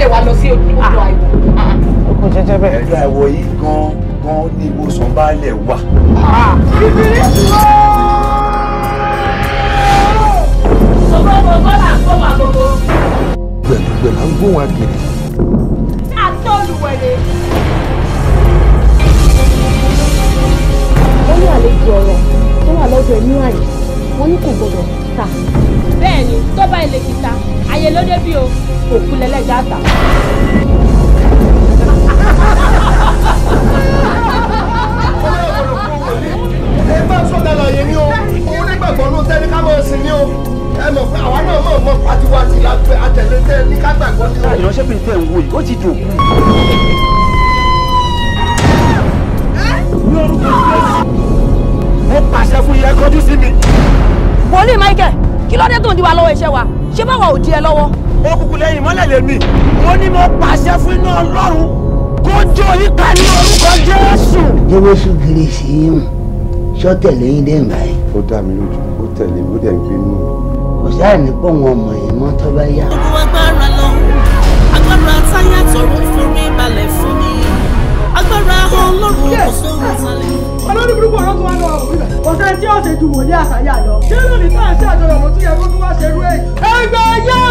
lè wá lọ sí odò ah. àìwò. ó kò jẹjẹ bẹ́ẹ̀. ẹ̀dọ̀ àìwò yìí gan-an gan-an ní ìwòsàn baálẹ̀ wà. bíbélì wọ́. sọgbọ́n gbọ́dọ̀ àgbọ̀wà gbogbo. gbẹ̀gbẹ̀ là ń gbóhùn àgbèrè. àtọ́lùwẹ̀lẹ̀. ó ní àlejò ọ̀rọ̀ tó wà lọ́dọ̀ ẹ̀ ní àyè wọ́n ní kò gbọ́dọ̀ ta. bẹ́ẹ̀ ni tó bá ilé ti ta ayé ló dé bí o òkú lẹlẹjà ta. ẹ bá sọ̀dà láàyè ni o òun nígbàgbọ́ ló tẹ́ ní ká máa sìn ní o ẹ mọ̀ pé àwa náà mọ̀ mọ́ pàtiwàtì àtẹ̀lé tẹ́ ní ká gbàgbọ́ ní o. ìránṣẹ́bìnrin tẹ̀ ń wo yìí ó ti dùn. mo pàṣẹ fún yẹ kọjú sí mi. wòlíì Michael kí ló dé tó ń di wa lọ́wọ́ iṣẹ́ wa ṣé báwa ò di ẹ lọ́wọ́. ó kúkú lẹ́yìn mọ́lẹ̀ lèmi mo ní mo pàṣẹ fún iná ọlọ́run kó jó yíká ní orúkọ jésù. jẹ́wọ́sù kiri sí i hùn ṣọ́ tẹ̀lé yín dé ìgbà yìí. ó dá mi lójú ó tẹ̀lé mi ó dẹ̀ ń gbé nù. kò sáà ní pọ̀ wọn ọmọ yẹn mọ́ tó bá yá. olúwa gbára lọ agbára táyà tọrọ forí balẹ̀ fún mi agbára ọlọ́run kò sóhun tálẹ̀ olórí burúkú ọ̀rọ̀ tó wá lọ àwọn ọ̀sẹ̀ tí ó ṣe ju wòlé àṣàyà lọ. ṣé lónìí tá à ṣe àjọyọ̀ mo tún yẹ kó tún wá ṣe irú èyí. ẹgbẹ́ yóò.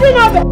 ti náà bẹ̀.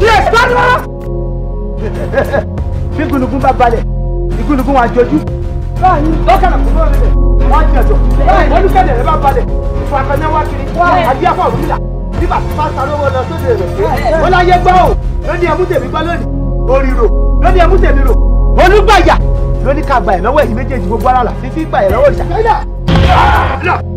yes gbàdúrà. bí gúnugún bá balẹ̀ ìgúnugún wa jọjú. báyìí lọ́kànnà kò lóore rẹ̀ wọ́n á jẹjọ. báyìí olùkẹ́lẹ̀ rẹ̀ bá balẹ̀ ìfọ̀kànnà wá kiri àbí afọ òrùlà bí bàtí bá ta lọ́wọ́ lọ sóde rẹ̀. wọ́n láyé gbọ́ o lóní ẹmú tèmi gbọ́ lónìí oríro lóní ẹmú tèmi rò olùgbàyà lóní ká gbà ẹ̀ lọ́wọ́ ẹ̀yìn méjèèjì gbogbo ara là fífi gbà ẹ̀ lọ́wọ́ ìṣàkóso.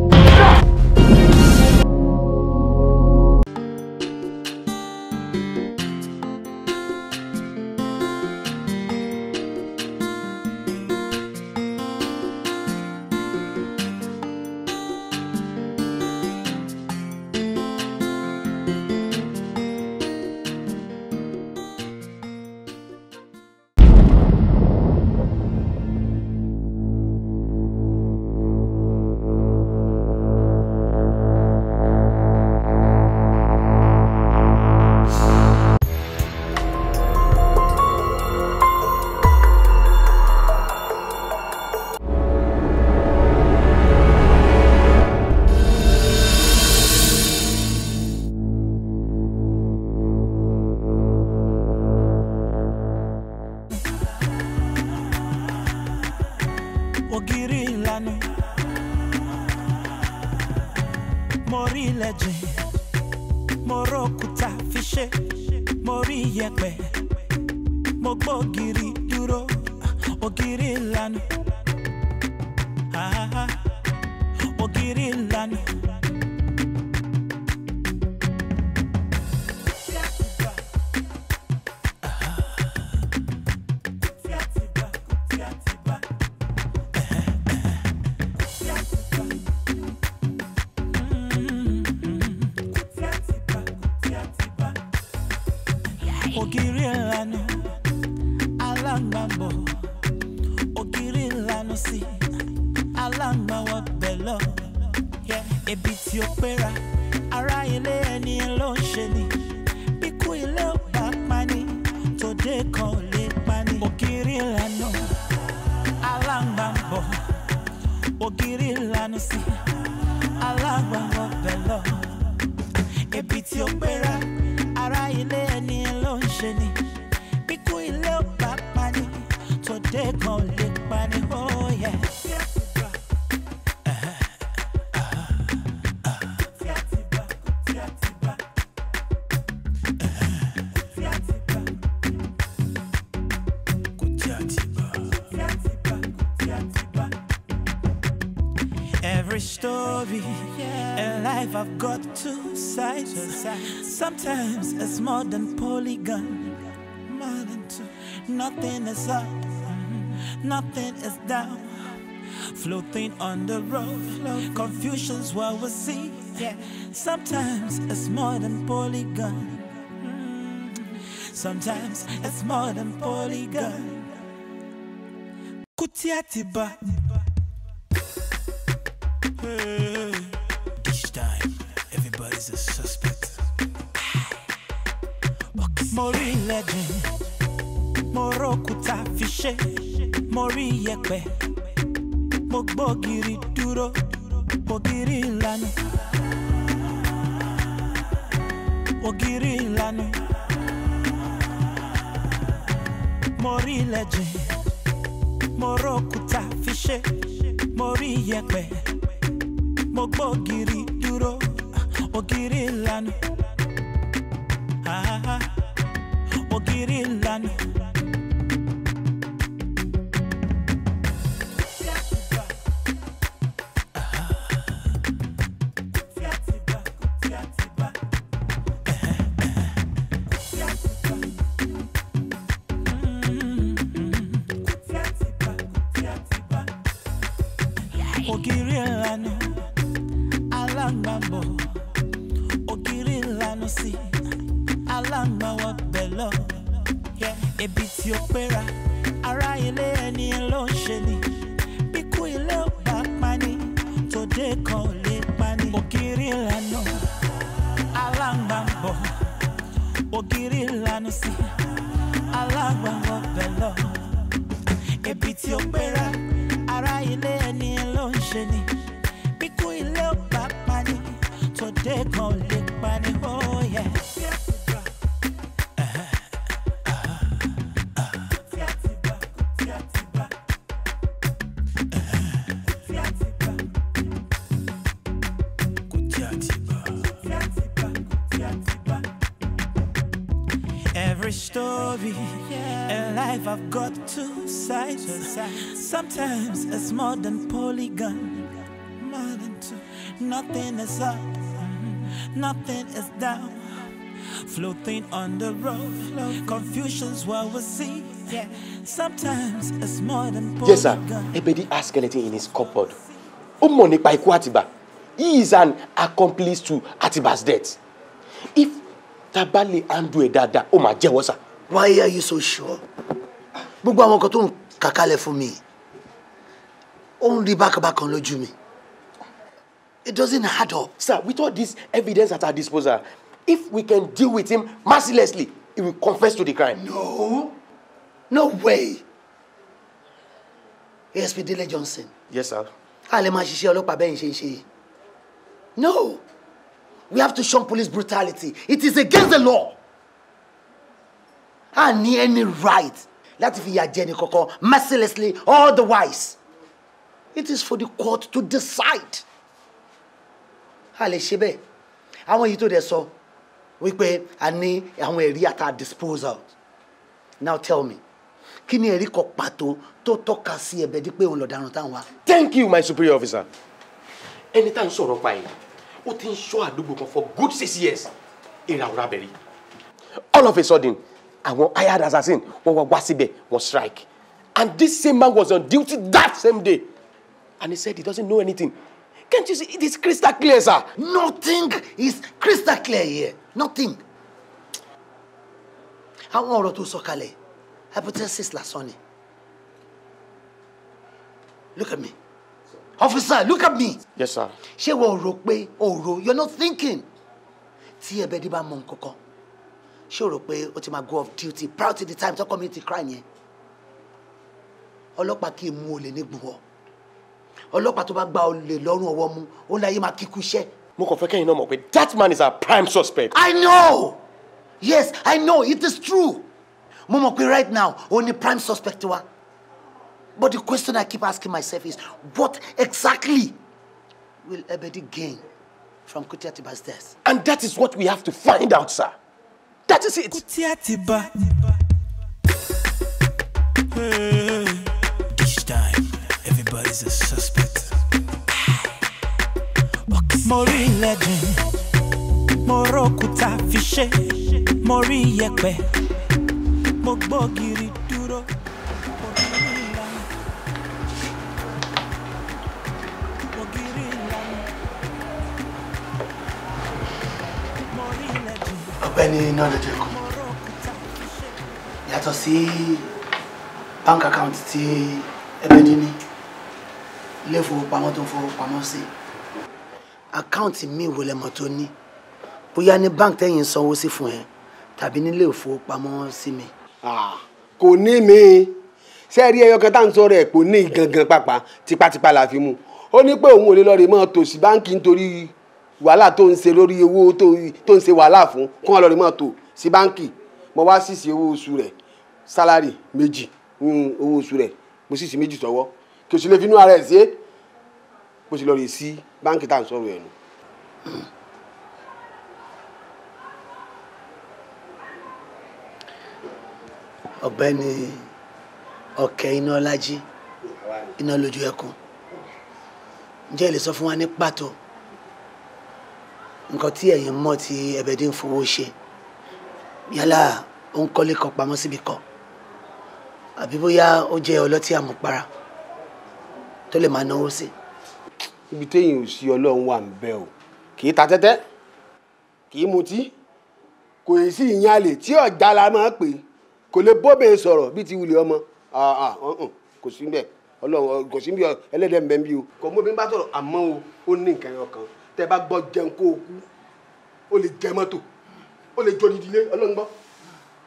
Sometimes it's more than polygon. More than two. Nothing is up, nothing is down. Floating on the road, confusion's what we see. Sometimes it's more than polygon. Sometimes it's more than polygon. Kutiatiba. Hey. Each time, everybody's a suspect. mo rí ilẹ̀gbìn mo rókúta fi ṣe mo rí iyẹ̀pẹ̀ mo gbógiri dúró ògiri ìlànà ògiri ìlànà mo rí ilẹ̀gbìn mo fi ṣe mo iyẹ̀pẹ̀ mo gbógiri dúró ògiri ìlànà. Ireland story. Yeah. A life I've got two sides. two sides. Sometimes it's more than polygon. More than two. Nothing is up, nothing is down. Floating on the road, confusion's what we see. Yeah. Sometimes it's more than polygon. Yes, sir. everybody has skeleton in his cupboard. Ó mọ̀ Àtìbà. He is an accomplice to Atiba's death. If Tabali handle Dada dáadáa, ó máa why are you so sure gbogbo àwọn kan tó ń kàkálẹ̀ fún mi ó ń rí bákanbákan lójú mi it doesn't add up. sir with all this evidence at our disposal if we can deal with him mercilessly he will confess to the crime. no no way ASP Dele Johnson. yes sir. a lè máa ṣiṣẹ́ ọlọ́pàá bẹ́ẹ̀ ń ṣe ń ṣe no we have to shun police brutality it is against the law a ní any right láti fi ìyà jẹ ẹni kankan mercilessly or otherwise it is for the court to decide a lè ṣe bẹ́ẹ̀ àwọn èyí tó dẹ̀ sọ wípé a ní àwọn ẹ̀rí at our disposal now tell me kí ni ẹ̀rí kan pàtó tó tọ́ka sí ẹ̀bẹ̀ dípé òun lọ̀daràn táwọn wa. thank you my superior officer. ẹni tá à ń sọ̀rọ̀ pa yìí ó ti ń ṣọ́ àdúgbò kan for good six years ìràwọ̀ abẹ́rẹ́ all of a sudden àwọn hired assassin wọ́n wá wá síbẹ̀ wọ́n strike and this same man was on duty that same day and he said he doesn't know anything can't you see it is crystal clear sir. nothing is crystal clear here nothing. àwọn ọ̀rọ̀ tó sọ kalẹ̀ hypothesis lásán ni look at me officer look at me. yes sir. ṣé wọ́n rò pé òru you're not thinking tí ẹ̀bẹ̀dì bá mọ nǹkan kan ṣé o rò pé o ti máa go off duty Proud to the time tọkọ mi ti crime yẹn ọlọ́pàá kì í mú olè ní gbùwọ́ ọlọ́pàá tó bá gba olè lọ́rùn ọwọ́ mú òun láyé máa kíkú iṣẹ́. mo kàn fẹ́ kẹ́yìn náà mọ̀ pé that man is our prime suspect. I know yes I know it is true mo mọ̀ pé right now òun ni prime suspect wa but the question I keep asking myself is what exactly will Ebedi gain from Kuti Atiba's death. and that is what we have to find out sir. catches it. Each time, everybody's a suspect. Mori legend, Morokuta fishe, Mori yekpe, Mogbogiri ọ̀gbẹ́ni nọ́ọ̀dọ̀dọ̀ èkó yàtọ̀ sí bank account tí ẹbẹ́dí ní ilé ìfowópamọ́ tó ń fowópamọ́ sí account mi ìwé lẹ́mọ̀ tó ní bóyá ní bank tẹ́yìn sanwó sí fún ẹ tàbí nílé ìfowópamọ́ sí mi. kò ní mi ṣé ẹ rí ẹyọ kan tá à ń sọ̀rọ̀ ẹ kò ní gangan pàpà tipátipá la fi mú ó ní pé òun ò lè lọ rè mọ tòsí báńkì nítorí wàhálà tó ń ṣe lórí owó tó ń ṣe wàhálà fún kó wọn lọ rí mọ́tò sí báǹkì mo wá sísè owó oṣù rẹ̀ sálárì méjì nínú owó oṣù rẹ̀ mo sísè méjì sọ́wọ́ kí o sì lè fi inú ara ẹ̀ ṣe bó ṣe lọ rè sí báǹkì tá à ń sọ̀rọ̀ ẹ̀ nù. ọ̀gbẹ́ni ọ̀kẹ́ iná ọlájí iná lójú ẹkùn ǹjẹ́ ẹ fún wa ní pàtó nǹkan tí ẹ̀yin mọ̀ tí ẹ̀bẹ̀dín fowó ṣe yálà ó ń kọ́lé kan pamọ́ síbi kan àbí bóyá ó jẹ́ ọlọ́tí àmupara tó lè máa náwó sí. ibi téèyàn ò sí ọlọ́run wà ń bẹ o kì í ta tẹ́tẹ́ kì í mutí kò yìí sí ìyẹn àlè tí ọ̀já la máa pè kò lè bóbe sọ̀rọ̀ bí ti wulẹ̀ ọmọ kò sí bẹ́ẹ̀ ọlọ́run kò sí bí ẹlẹ́dẹ̀ bí o kò mú bí bá sọ̀rọ̀ àmọ́ o ó ní nǹkan ẹyọ kan tẹ bá gbọ́ jẹun kó o kú o lè jẹ mọ́tò o lè jọ nídìílé ọlọ́run gbọ́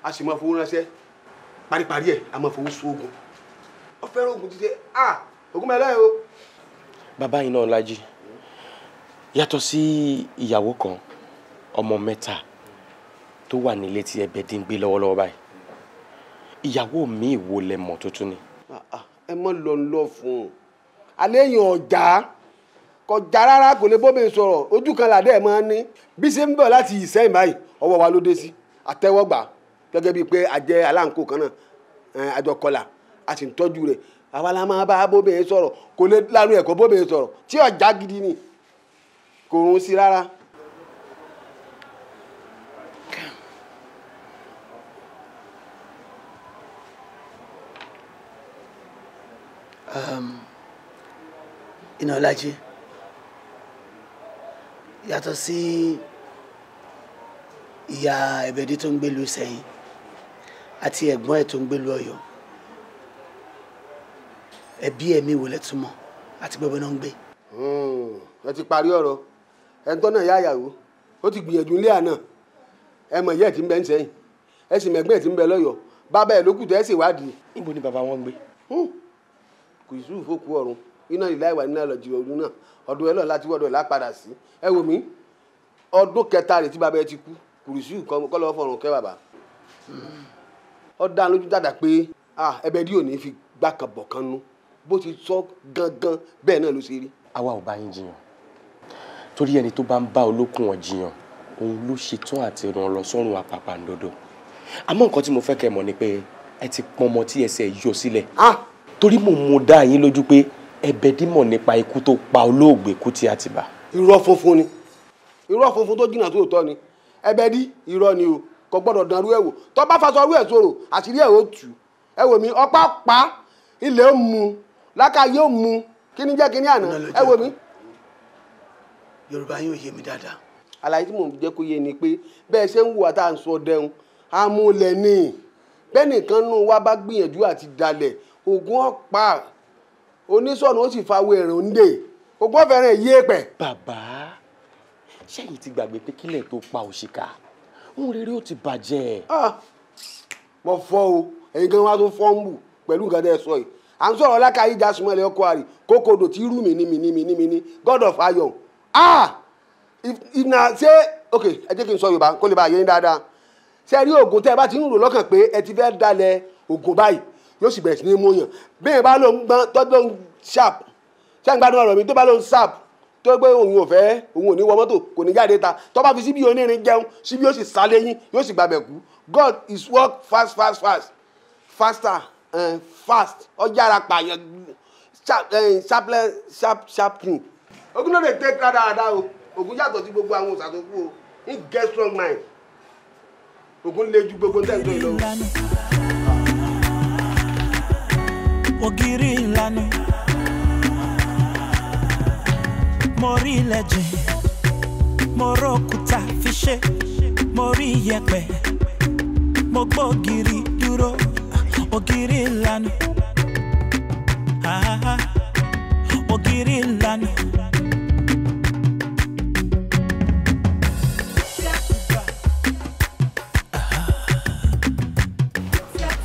a sì máa fowó ránṣẹ́ paríparí ẹ̀ a máa fowó sóògùn ó fẹ́ràn oògùn títẹ a oògùn mẹ́lẹ́ o. bàbá yìí náà lají yàtọ̀ sí ìyàwó kan ọmọ mẹ́ta tó wà nílé tí ẹbẹ̀ dín gbé lọ́wọ́lọ́wọ́ báyìí ìyàwó mi ìwo lẹ mọ̀ tuntun ni. ẹ mọ̀ lọ́nlọ́ fún un alẹ́ yàn ọ̀já. kọjá rárá kò lè bóbe sọ̀rọ̀ ojú kan làdé ẹ̀ máa ń ní bí ṣe ń bọ̀ láti ìsẹ́yìn báyìí ọwọ́ wa ló dé sí àtẹ́wọ́gbà gẹ́gẹ́ bíi pé àjẹ aláǹkó kan náà àjọkọlà a sì ń tọ́jú rẹ̀ àwa la máa bá bóbe sọ̀rọ̀ kò lè lanu ẹ̀kọ́ yàtọ̀ sí ìyá ẹ̀bẹ̀dé tó ń gbélu sẹ́yìn àti ẹ̀gbọ́n ẹ̀ tó ń gbélu ọ̀yọ́ ẹbí ẹ̀mí wò lẹ́túmọ̀ àti gbẹ́bẹ́ náà ń gbé. Hmm, ẹ ti parí ọ̀rọ̀ ẹ̀ ń tọ́nà ìyá àyàwó ó ti gbìyànjú ilé àná ẹ mọ̀ ìyá ẹ̀ ti ń bẹ ń sẹ́yìn ẹ sì mẹ̀gbẹ́ ẹ̀ ti ń bẹ lọ́yọ̀ọ́ bàbá ẹ̀ lókùtà ẹ̀ sì wádìí. níbo ni bàbá wọn gbé. Hmm, kò sí iná ìlà ìwà iná ìlọ jìrò ọdún náà ọdún ẹ lọ láti wọ́dọ̀ ẹ̀ lápadà sí ẹ wò mí ọdún kẹta rẹ̀ tí baba, ẹ ti kú kùrùsù kọ́ lọ́wọ́ fọ̀rùn kẹ́ bàbá ọ dá lójú dàdà pé ẹbẹ díò ní fi gbà kan bọ̀ kan nú bó ti sọ gangan bẹ́ẹ̀ náà ló ṣe rí. àwa ò bá yín jiyàn torí ẹni tó bá ń bá olókùn ọ̀ jiyàn òun ló ṣetán àti ràn lọ sọ́run àpàpàǹdodo àmọ́ nǹkan tí mo fẹ́ kẹ́ mọ̀ ni pé ẹ ti pọnmọ tí ẹsẹ̀ yọ sílẹ̀ torí mò ń mo dá yín lójú pé ẹ̀bẹ̀ dímọ̀ nípa ikú tó pa olóògbé Kuti Atiba. irọ́ funfun ni irọ́ funfun tó jìnnà tó tọ́ ni ẹ̀bẹ̀ dí irọ́ ni o kò gbọ́dọ̀ dàrú ẹ̀ wò tó bá faṣọ rú ẹ̀ àṣírí ẹ̀ tù ẹ wò mí pa ilẹ̀ ó mu lákà yóò mu kí ni jẹ́ kí ni àná ẹ wò yorùbá yóò yé mi dáadáa. àlàyé tí mò ń jẹ́ kó yé ni pé bẹ́ẹ̀ ṣe ń wù àtà ń sọ dẹun amúlẹ̀ ni bẹ́ẹ̀ nìkan nù wá bá gbìyànjú àti dalẹ̀ ògùn ọ̀pá onísọ̀nù ó sì fawé ẹ̀rùn ń dè kò gbọ́ fẹ́ràn èyí èpẹ̀. bàbá ṣẹ́yìn ti gbàgbé pé kílẹ̀ tó pa òṣìkà ń rere ó ti bàjẹ́. Ah, mo fọ́ o ẹ̀yin gan wa tó fọ́ ń bù pẹ̀lú nǹkan tẹ́ ẹ sọ yìí à ń sọ̀rọ̀ láka yíjà súnmọ́lẹ̀ ọkọ àrè kókòdò tí rú mi ní mi ní mi ní mi ní god of iron ah na ṣé ok ẹ jẹ́ kí n sọ yorùbá kó lè bá yé yín dáadáa ṣe rí oògùn tẹ́ ẹ bá ti ń rò lọ́kàn pé ẹ ti fẹ́ dalẹ̀ oògùn báyìí yóò sì bẹ̀rẹ̀ sí ní mú yàn bẹ́ẹ̀ bá ló ń gbọ́n tó ló ń sharp ṣáà ń gbádùn ọ̀rọ̀ mi tó bá ló ń sharp tó gbé òun ò fẹ́ òun ò ní wọ mọ́tò kò ní jáde ta tó bá fi síbi onírin jẹun síbi yóò sì sálé yín yóò sì gbàgbẹ́ kú God is work fast fast fast faster and eh, fast ọjà ara pààyàn eh, sharply sharp sharp king ogun náà lè tẹ́ kíra dáadáa o ogun yàtọ̀ sí gbogbo àwọn òṣàtò kú o he get strong mind ogun lè ju gbogbo tẹ́ǹtọ́ ìlọ. ògiri ìlànà mori leje, moro jìn mo Mori fi ṣe mo rí dúró ògiri ìlànà ògiri ìlànà.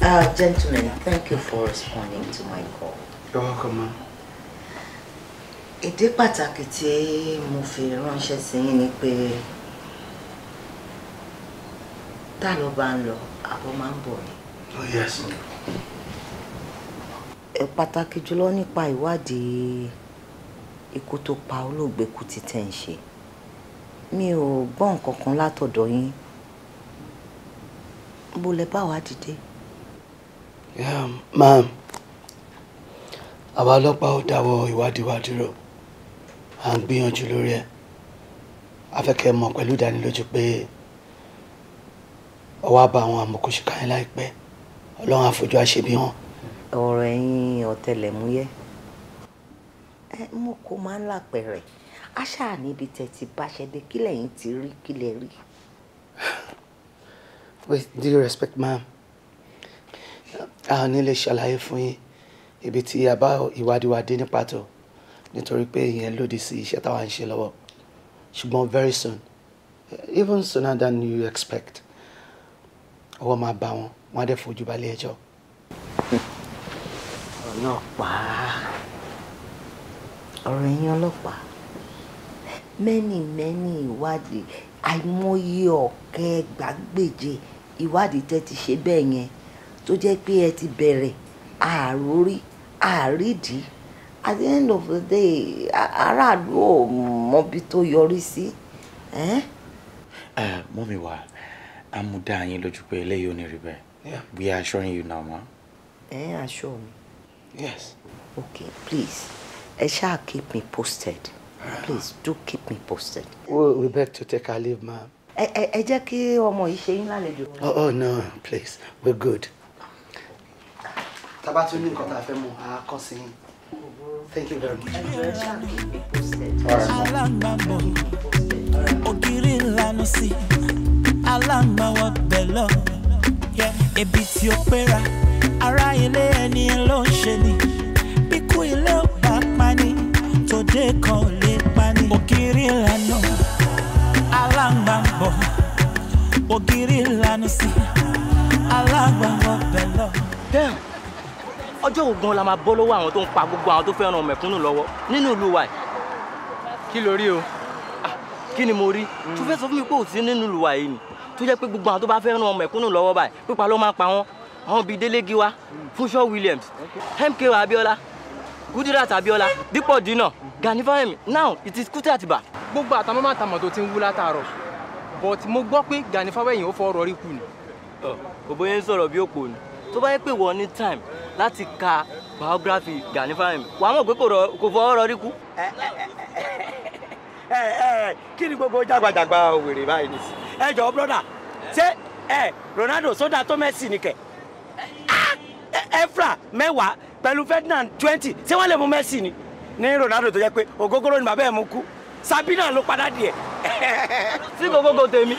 Uh, gentlemen, thank you for responding to my call. You're welcome, ma'am. Ìdí pàtàkì tí mo fi ránṣẹ́ sí yín ni pé tá ló bá ń lọ àbọ̀ máa ni. Oh yes. Pàtàkì jùlọ nípa ìwádìí ikú tó pa olóògbé Kuti tẹ̀ ń ṣe. Mi ò gbọ́ nǹkan kan látọ̀dọ̀ yín. Bó lẹ wa dìde? Ma'am, àwa ọlọ́pàá ò dáwọ́ ìwádìí wa dúró. À ń gbìyànjú lórí ẹ̀. A fẹ́ kẹ́ mọ̀ pẹ̀lú ìdánilójú pé ọwọ́ àbá àwọn àmọ̀kòṣìkà yẹn láìpẹ́. Ọlọ́run àfojú àṣebí hàn. Ọ̀rọ̀ ẹ̀yin ọ̀tẹlẹ̀múyẹ́. Ẹ mú kó máa ń lápẹ̀rẹ̀. Àṣà níbi tẹ̀tí báṣẹ́dé kílẹ̀ yín ti rí kílẹ̀ rí. With due respect, ma'am a ò ní lè ṣàlàyé fún yín ibi tí a bá ìwádìí dé ní pàtó nítorí pé ìyẹn lòdì sí iṣẹ́ táwa ń ṣe lọ́wọ́ ṣùgbọ́n very soon even sooner than you expect ọwọ́ máa bá wọn wọn á dẹ̀ fojú balẹ̀ ẹjọ́. ọlọ́pàá ọ̀rọ̀ yín ọlọ́pàá mẹ́nì mẹ́nì ìwádìí àìmọye ọ̀kẹ́ gbàgbèje ìwádìí tẹ́ ti ṣe bẹ́ẹ̀ yẹn tó jẹ́ pé ẹ ti bẹ̀rẹ̀ àròrí àrídìí at the end of the day aráàlú ò mọbi tó yọrí sí. mọ́mi wa a mú dá yín lójú pé eléyìí ò ní rí bẹ́ẹ̀ we are assuring you now ma. ẹ ẹ aṣọ mi. yes. okay please ẹ ṣáà keep me posted please do keep me posted. we, we beg to take our leave ma. ẹ ẹ jẹ́ kí ọmọ yìí ṣe yín lálejò. oh oh no please we're good tábà tún ní nǹkan tá a fẹ́ a kọ́ sí yín thank you very much. alágbàbọ̀ ògiri ńlanu sí alágbàwọ̀ bẹ̀lọ̀ ebi tí ó pera ara ilé ẹni ló ń ṣe ni bíkú ilé ò bá pani tòde kan ò lè pani ògiri ńlanu alágbàbọ̀ ògiri ńlanu sí alágbàwọ̀ bẹ̀lọ̀. damn ọjọ́ ògùn la máa bọ́ lọ́wọ́ àwọn tó ń pa gbogbo àwọn tó fẹ́ràn mẹ̀kúnnù lọ́wọ́ nínú ìlú wa yìí. kí ló rí o. Ah, kí ni mo rí tó fẹ́ sọ fún mi pé òsín nínú ìlú wa yìí ni tó jẹ́ pé gbogbo àwọn tó bá fẹ́ràn mẹ̀kúnnù lọ́wọ́ báyìí pípa ló máa pa wọ́n àwọn bíi Délégì wa Fúnṣọ́ Williams MK Abiola Kudirat Abiola Dípò Dínà Gani Fáyẹmí now it is Kútẹ́ Àtìbà. gbogbo àtàwọn máa tàmọ̀ tó ti ń wú látàárọ̀ but mo gbọ́ pé Gani Fáyẹmí ò fọ́ ọ̀rọ̀ rí kù ni. ọ̀ òbóyé ń sọ̀rọ̀ bí òpó ni tó bá yẹ pé wọ́n ní time láti ka biography Gani Fáyẹ̀mí wàá mọ̀ pé kò fọwọ́ rọ rí kú. kí ni gbogbo jágbajàgba òwèrè báyìí ni ẹ jọ̀ọ́ brọ́dà ṣé ẹ Ronaldo sódà tó Messi nìkẹ́ efra mẹ́wàá pẹ̀lú Ferdinand twenty ṣé wọ́n lè mú Messi ni ní Ronaldo tó jẹ́ pé ògógóró ni bàbá ẹ̀ mú kú Sabina ló padà díẹ̀. sí gogogo tèmi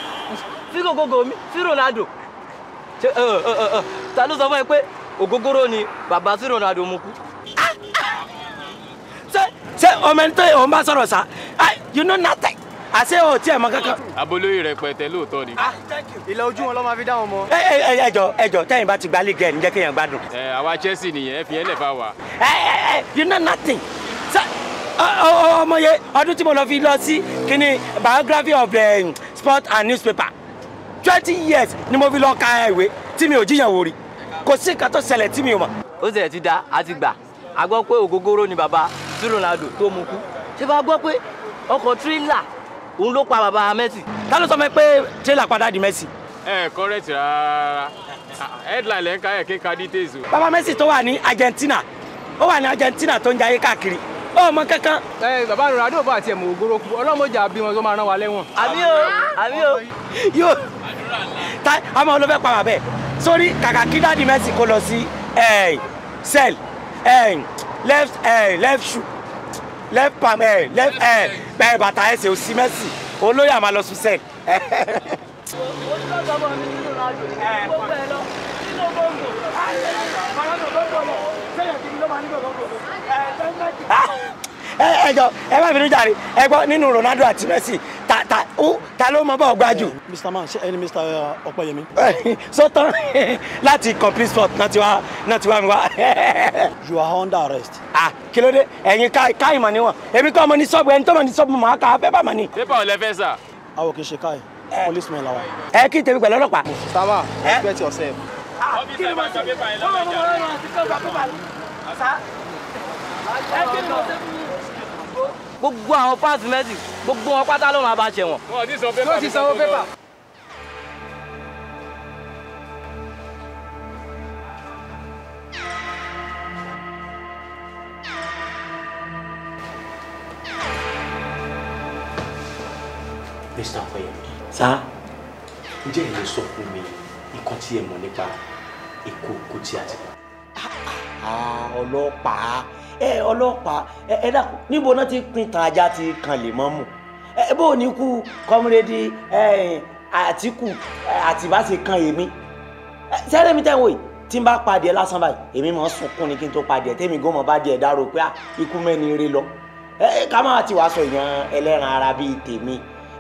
sí gogogo mi sí Ronaldo ṣe ẹ ẹ ẹ ta ló sọ fún ẹ pé ògógóró ni bàbá sí Ronaldo mu kú. ṣé ṣé ọmọ ẹni tó yẹ òun bá sọ̀rọ̀ sá you know nothing àṣé o tí ẹ mọ kankan. abolóyè rẹpẹtẹ lóòótọ́ ni. ìlà ah, ojú wọn ló máa fi dá wọn mọ. ẹ ẹ ẹjọ ẹjọ tẹ̀yin bá ti gbalẹ gẹ ǹjẹ́ kéèyàn gbádùn. ẹ àwa Chelsea nìyẹn ẹ fi ẹ lẹ fa wa. ẹ ẹ you know nothing ọmọ yẹn ọdún tí mo lọ fi lọ sí kíni biography of the eh, sport and newspaper twenty years ni mo fi lọ ka tí mi ò jiyàn wò rí kò sí nǹkan tó ṣẹlẹ̀ tí mi ò mọ̀. ó ti da àti gbà a pé ògógóró ni bàbá ronaldo tó mu kú ṣé bá gbọ́ pé ọkọ̀ tírélà òun ló pa bàbá messi. ta pé tírélà padà di messi. ẹ rárá headline ẹ̀ kí n ka details o. bàbá tó wà ní argentina ó wà ní argentina tó ń ọmọ kankan. ẹ bàbá rẹ adóòbá àti ẹmọ ògoro kú ọlọmọjà bímọ tó máa rán wa lẹ́wọ̀n. àbí o àbí o. yóò ta àmọ́ ló fẹ́ pa bàbá ẹ̀ sórí kàkà kí dáàdi Mercy kó lọ sí cell left left shoe left palm left bàtà ẹsẹ̀ òsì Mercy olóyè àmà lọ sùn cell. Thank you ẹ jọ ẹ má bínú jàre ẹ gbọ́ nínú Ronaldo àti Messi ta ta ó ta ló mọ bá ọgbà jù. Mr Man ṣe ẹni Mr Ọpẹ́yẹmí. sọtán láti complete sport náà ti wá náà ti wá mi wá. you are under arrest. ah kí ló dé ẹ̀yin ká ìmọ̀ níwọ̀n èmi kọ́ ọmọ ní sọ́ọ̀bù ẹni tó mọ̀ ní sọ́ọ̀bù mọ̀ á kà á fẹ́ bà mọ̀ ni. pépà ò fẹ́ sà. a ò kì í ṣe káì policeman làwọn. ẹ kí n tẹ̀wé pẹ̀lú ọlọ́pàá. Mr Man respect yourself. kí ni mo ṣe gbogbo àwọn páàsì mẹ́sì gbogbo wọn pátá ló máa bá ṣe wọn. wọn ò ní sọ pépà. yóò ti sanwó pépà. Mr. Okoyemi. Sá. Ǹjẹ́ ẹ̀yin sọ fún mi nǹkan tí ẹ mọ̀ nípa ikú òkú tí a ti pa? Ah, ah, ah, ọlọ́pàá ẹ ọlọ́pàá ẹ dàkú níbo náà ti pin tàn ajá ti kàn lè mọ́ mu ẹ bó ní kú kọ́múrẹ́dì àtìkù àtìbá ti kan èmi sẹ́rẹ́ mi tẹ́wọ̀ yìí tí n bá padì ẹ lásán báyìí èmi máa ń sunkún ni kí n tó padì ẹ tẹ́mi gan mọ̀ bá di ẹ̀ dárò pé ah, ikú mẹ́ni rí lọ ká má ti wàá sọ ìyàn ẹlẹ́ran ara bíi tèmi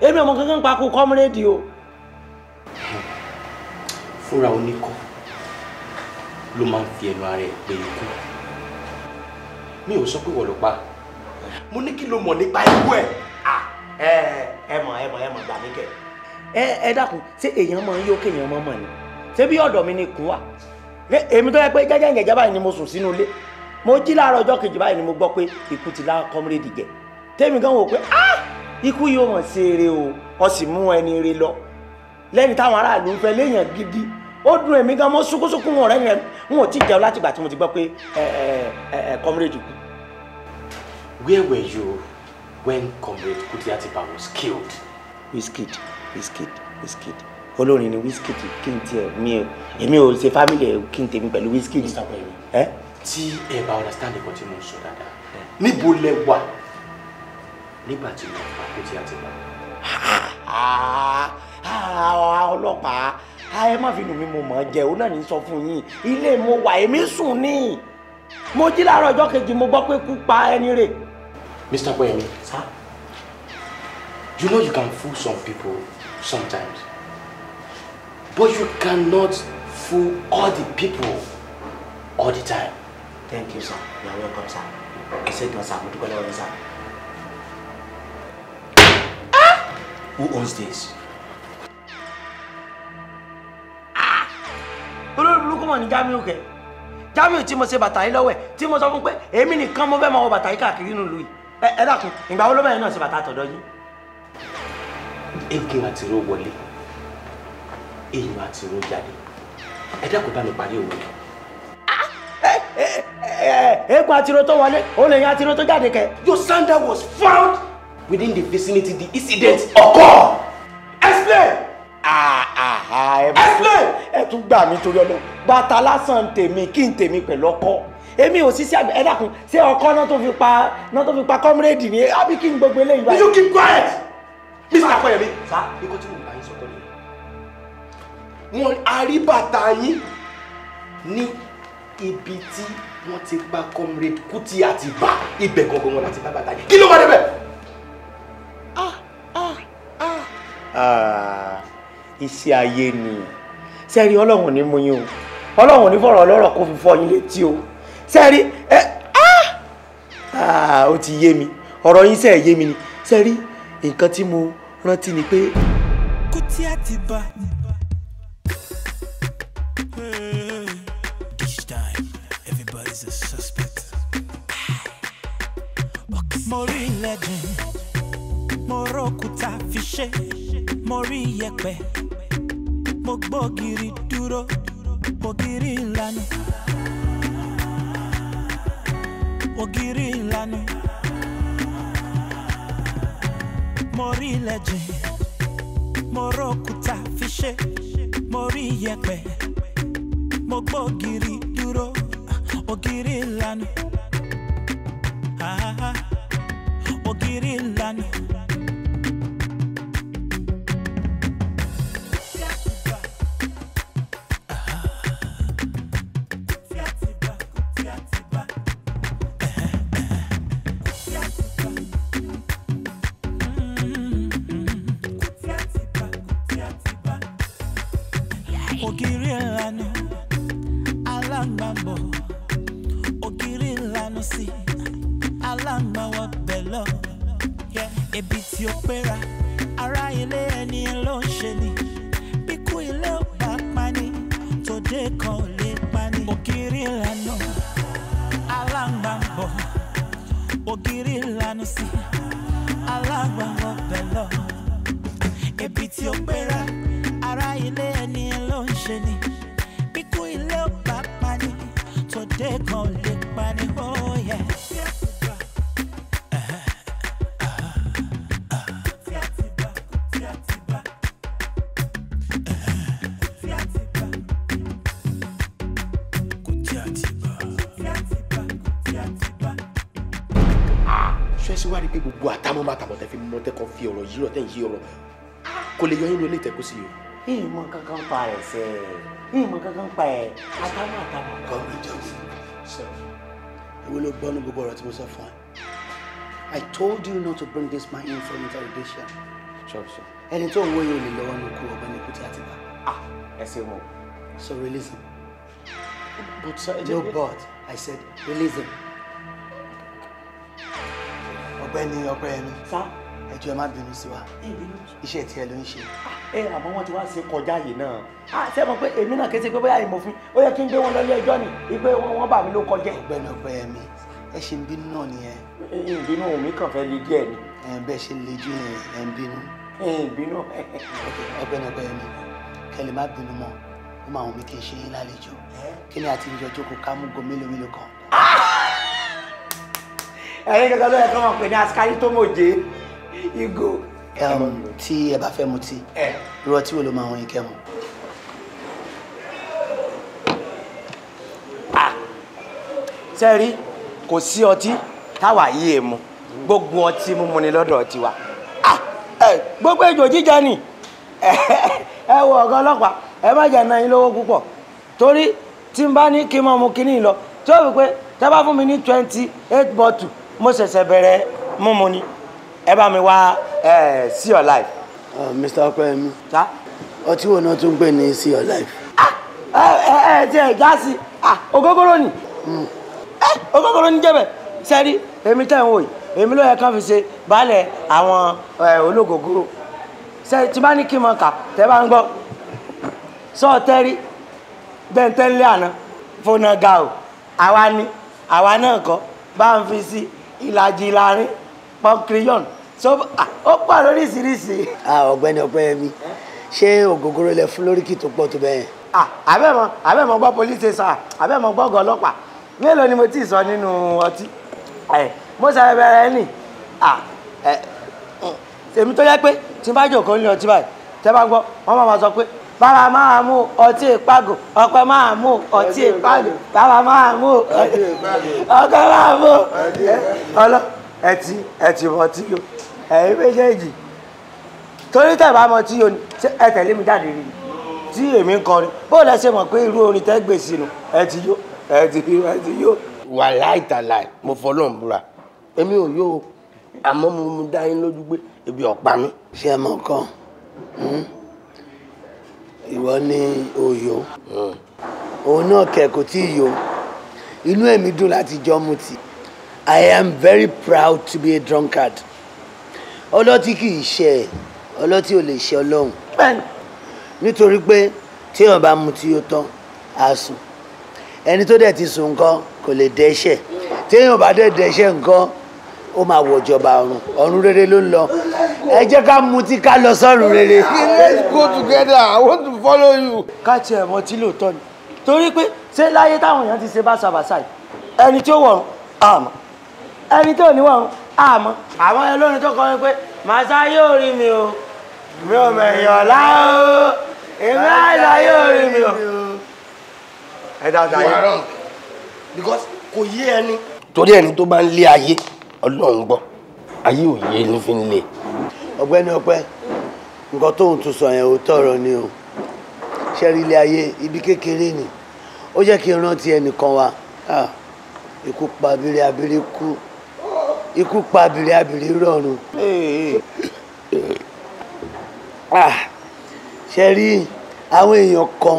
èmi ọmọ kankan pa kú kọ́múrẹ́dì o. fúnra oníkọ ló máa ń fi ẹnu ara ẹ pé ikú mi ò sọ pé wọ́n ló pa mo ní kí ló mọ̀ nípa ikú ẹ̀ ẹ ẹ mọ̀ ẹ mọ̀ ẹ mọ̀ gbà mí kẹ̀. ẹ ẹ dákun ṣé èèyàn máa ń yó kéèyàn máa mọ̀ ni ṣé bí ọ̀dọ̀ mi ni kùn wà èmi tó yẹ pé jẹ́jẹ́ ìjẹ́jẹ́ báyìí ni mo sùn sínú ilé mo jí láàárọ̀ ọjọ́ kejì báyìí ni mo gbọ́ pé ikú ti lá kọ́mírèdì jẹ tèmi gan wò pé ikú yóò mọ̀ sí eré o ọ sì mú ẹni eré lọ lẹ́yìn táwọn aráàlú ń fẹ́ léèyàn gidi ó dùn èmi gan mo sunkúnsunkún wọn ọ̀rẹ́ yẹn n ò tí jẹun láti ìgbà tí mo ti gbọ́ pé ẹ comrade kú. where were you when comrade Kudi-Atiba was killed. Whiskey, whiskey, whiskey. olórin ni Wizkid kí n tiẹ̀ mi ò èmi ò ṣe family ẹ̀ kí n tèmi pẹ̀lú Wizkid. mr pẹ̀lú tí ẹ bá understand nǹkan tí mo ń sọ dáadáa níbo lẹ wà nígbà tí mo pa kudi ọlọ́pàá a ah, ẹ má fi nù mo mọ̀ ọ́ jẹ́ òun náà ní sọ fún yín ilé mo wà èmi sùn ní mo jí láàárọ̀ ọjọ́ kejì mo gbọ́ pé kú pa ẹni rè. Mr. Boyemi sir you know you can fool some people sometimes but you cannot fool all the people all the time. thank you sir you welcome sir ẹ ṣe gan sir mo dúpẹ́ lọ́wọ́ yín sir. Ah! who owns this. mọ̀ ní Jamiu kẹ Jamiu tí mo ṣe bàtà yìí lọ́wọ́ ẹ̀ tí mo sọ fún pé èmi nìkan mo fẹ́ máa bàtà yìí káàkiri nù lóyè ẹ ẹ dákun ìgbà wo ló bẹ̀rẹ̀ náà ṣe bàtà tọ̀dọ̀ yín. eégún àti ro wọlé èèyàn àti ro jáde ẹ dákun bá mi parí òwe. Ah! eégún àti ro tó wọlé òun lè àti ro tó jáde kẹ. Your sandal was found within the vicinity the incident occurred. explain. Ah, ah, ah, ẹ tún gbà mí torí ọlọ́run bàtà lásán tèmi kí n tèmi pẹ̀lú ọkọ èmi ò sísí àgbẹ̀ ẹ ṣé ọkọ náà tó fi pa náà tó fi pa kọ́mírèdì ni àbí kí n gbogbo eléyìí báyìí. you keep quiet mr akọyẹmi. sá ikú tí mo bá yín sọtọ ni wọn àríbàtà yín ní ibi tí wọ́n ti gba comrade Kuti àti bá ibẹ̀ gangan wọn láti bá bàtà yìí kí ló ah. Ah iṣẹ́ ayé ni sẹ́ẹ̀rí ọlọ́run ní mú yín o ọlọ́run ní fọ̀rọ̀ ọlọ́rọ̀ kó fi fọ́ yín létí o sẹ́ẹ̀rí ẹ ó ti yé mi ọ̀rọ̀ yín sẹ́ẹ̀ yé mi ni sẹ́ẹ̀rí nǹkan tí mo rántí ni pé. kútí àtibá a suspect. Mo rí ilẹ̀dùn, mo rókúta fi ṣe. mo rí iyẹ̀pẹ̀ mo gbógiri dúró ògiri ńlanu ògiri ńlanu mo rí ilẹ̀ jìn mo rókúta fi ṣe mo rí iyẹ̀pẹ̀ mo gbógiri dúró ògiri ńlanu ògiri yírọ̀ tẹ̀ ń yí ọ̀rọ̀ kò lè yọ yín lórí ìtẹ́kù sí o. ìmọ̀ kankan pa ẹ̀ sẹ́ ẹ̀ ìmọ̀ kankan pa ẹ̀ àtàwọn àtàwọn. gọ́ọ̀mì johnson sir ìwé ló gbọ́ ní gbogbo ọ̀rọ̀ tí mo sọ fún ẹ I told you not to bring this man in for interrogation. Johnson. ẹni tó ń wọ yóò lè lọ́wọ́ ní ikú ọba ní kùtì àtìgbà. ah ẹ ṣe wọn. so release him. but sir. no but I said release him. ọ̀gbẹ́ni ọ̀gbẹ́ni. sir ẹjọ́ ẹ má bínú sí wa iṣẹ́ tiẹ̀ ló ń ṣe. ẹ àmọ́ wọ́n ti wá ṣe kọjá yìí náà a ṣe mọ̀ pé èmi náà kése pé bóyá ìmọ̀fin ó yẹ kí n gbé wọn lọ ilé ẹjọ́ ni ìgbé wọn bà mí ló kọjá. ọ̀gbẹ́ni Ọpẹ́yẹmí ẹ ṣe ń bínú náà nìyẹn. ìbínú mi kàn fẹ́ le díẹ̀ ni. ẹ bẹ́ẹ̀ ṣe ń le ju ẹ ń bínú. ìbínú. ọ̀gbẹ́ni Ọpẹ́yẹmí kẹlẹ bínú mọ́ ó mi kì í ṣe yín lálejò kí ni kan. Ah! ẹ̀yin kankan ní asikari tó mòje ìgò. tí ẹ bá fẹ́ mu tí irú ọtí wo ló máa wọn ike mu. sẹ́ẹ̀rí kò sí ọtí táwa yìí è mu gbogbo ọtí mímu ni lọ́dọ̀ ọtí wa gbogbo ejò jíjẹ ni ẹ wọ ọ̀gá ọlọ́pàá ẹ má jẹ́ náà yín lówó púpọ̀ torí tí n bá ní kí n mọ̀ mú kínní lọ tí ó fi pé tẹ́ bá fún mi ní twenty eight bottle mo ṣẹ̀ṣẹ̀ bẹ̀rẹ̀ mímu ni ẹ bá mi wá see your life. Mr. Ọpẹ́yẹmí ọtí wo náà tún pè ní see your life. Ah, ẹ ẹ ti ẹ gáàsì ah, ògógóró ni hmm. eh, ògógóró ni jẹ́bẹ̀ sẹ́rí èmi tẹ̀ ń wò yìí èmi ló yẹ kán fi ṣe baálẹ̀ àwọn ológógóró sẹ́rí tí bá ní kí n mọ kà tẹ́ bá ń gbọ́ sọ́ọ̀tẹ́rí bẹ́ńtẹ́ńlẹ́ àná fóná ga o àwa ni àwa náà kọ́ bá ń fi sí ìlàjì ìlàrin pọ́ńkìrìyọ̀nù so ah, ó pà lóríṣiríṣi. Ah, ọ̀gbẹ́ni ọpẹ́yẹmí ṣé ògógóró lẹ fún lóríkì tó pọ̀ tó bẹ́ẹ̀. àbẹ̀mọ̀ ah, àbẹ̀mọ̀ gbọ́ police station àbẹ̀mọ̀ gbọ́ ọ̀gá ọlọ́pàá mélòó ni mo ti sọ nínú ọtí mo ṣe bẹ̀rẹ̀ ẹ́ nì èmi tó yẹ pé tí n bá jòkó ní ọtí báyìí tẹ́ bá gbọ́ wọ́n máa sọ pé bàbá máa mú ọtí ìpàgò ọpẹ máa mú ọtí ìpàgò bàbá máa mú ọtí ìpàgò ọpẹ máa mú ọlọ ẹtì ẹtì bọtí yòó ẹ̀yin méjèèjì torí tẹ̀bá mọ tí ẹ tẹ̀lé mi jáde rí tí èmi ń kọrin bó lẹ ṣe mọ̀ pé irú orin tẹ́ gbèsè nù ẹ ti yó ẹ ti yó ẹ ti yó. wà láìtàláì mo fọlọ́ ń búra èmi ò yó àmọ́ mo mú dá yín lójú pé ebi ọ̀pá mi. ṣé ẹ mọ nǹkan hmm? ìwọ ni òyò hmm. òun náà kẹ̀kọ́ tí ì inú ẹ̀mí dùn láti jọ mu I am very proud to be a drunkard ọlọ́tí kì í ṣe ẹ̀ ọlọ́tí ò lè ṣe ọlọ́run nítorí pé téèyàn bá mu tí ó tán á sùn ẹni tó dẹ̀ ti sùn nǹkan kò lè dẹ́ṣẹ̀ téèyàn bá dẹ̀ dẹ́ṣẹ̀ nǹkan ó máa wọ ìjọba ọ̀run ọ̀run rere ló ń lọ ẹ jẹ́ ká mutí ká lọ sọ́run rere. let's go together i want to follow you. ká tiẹ̀ mọ tí lóòótọ́ ni torí pé ṣé láyé táwọn èèyàn ti ṣe báṣabàṣà yìí ẹni tí ó wọ̀run àmọ́ ẹni tí ò ní wọ̀run àmọ́ àwọn olórin tó kọrin pé màsá yóò rí mi o mi ò mẹ̀yàn ọ̀la èmi àìsà yóò rí mi o. ẹ dáadáa yẹ because kò yé ẹni. torí ẹni tó bá ń lé ayé ọlọ́run gbọ́ ayé ò yé ni fi ń lé. ọ̀gbẹ́ni ọpẹ́ nǹkan tóun tún sọ yẹn ò tọrọ ni o ṣẹ́rí ilé ayé ibi kékeré ni ó jẹ́ kí n rántí ẹnìkan wa ah, ikú pa abiri abiri kú ikú pa abìrì abìrì rọrùn. Ah, ṣe rí àwọn èèyàn kan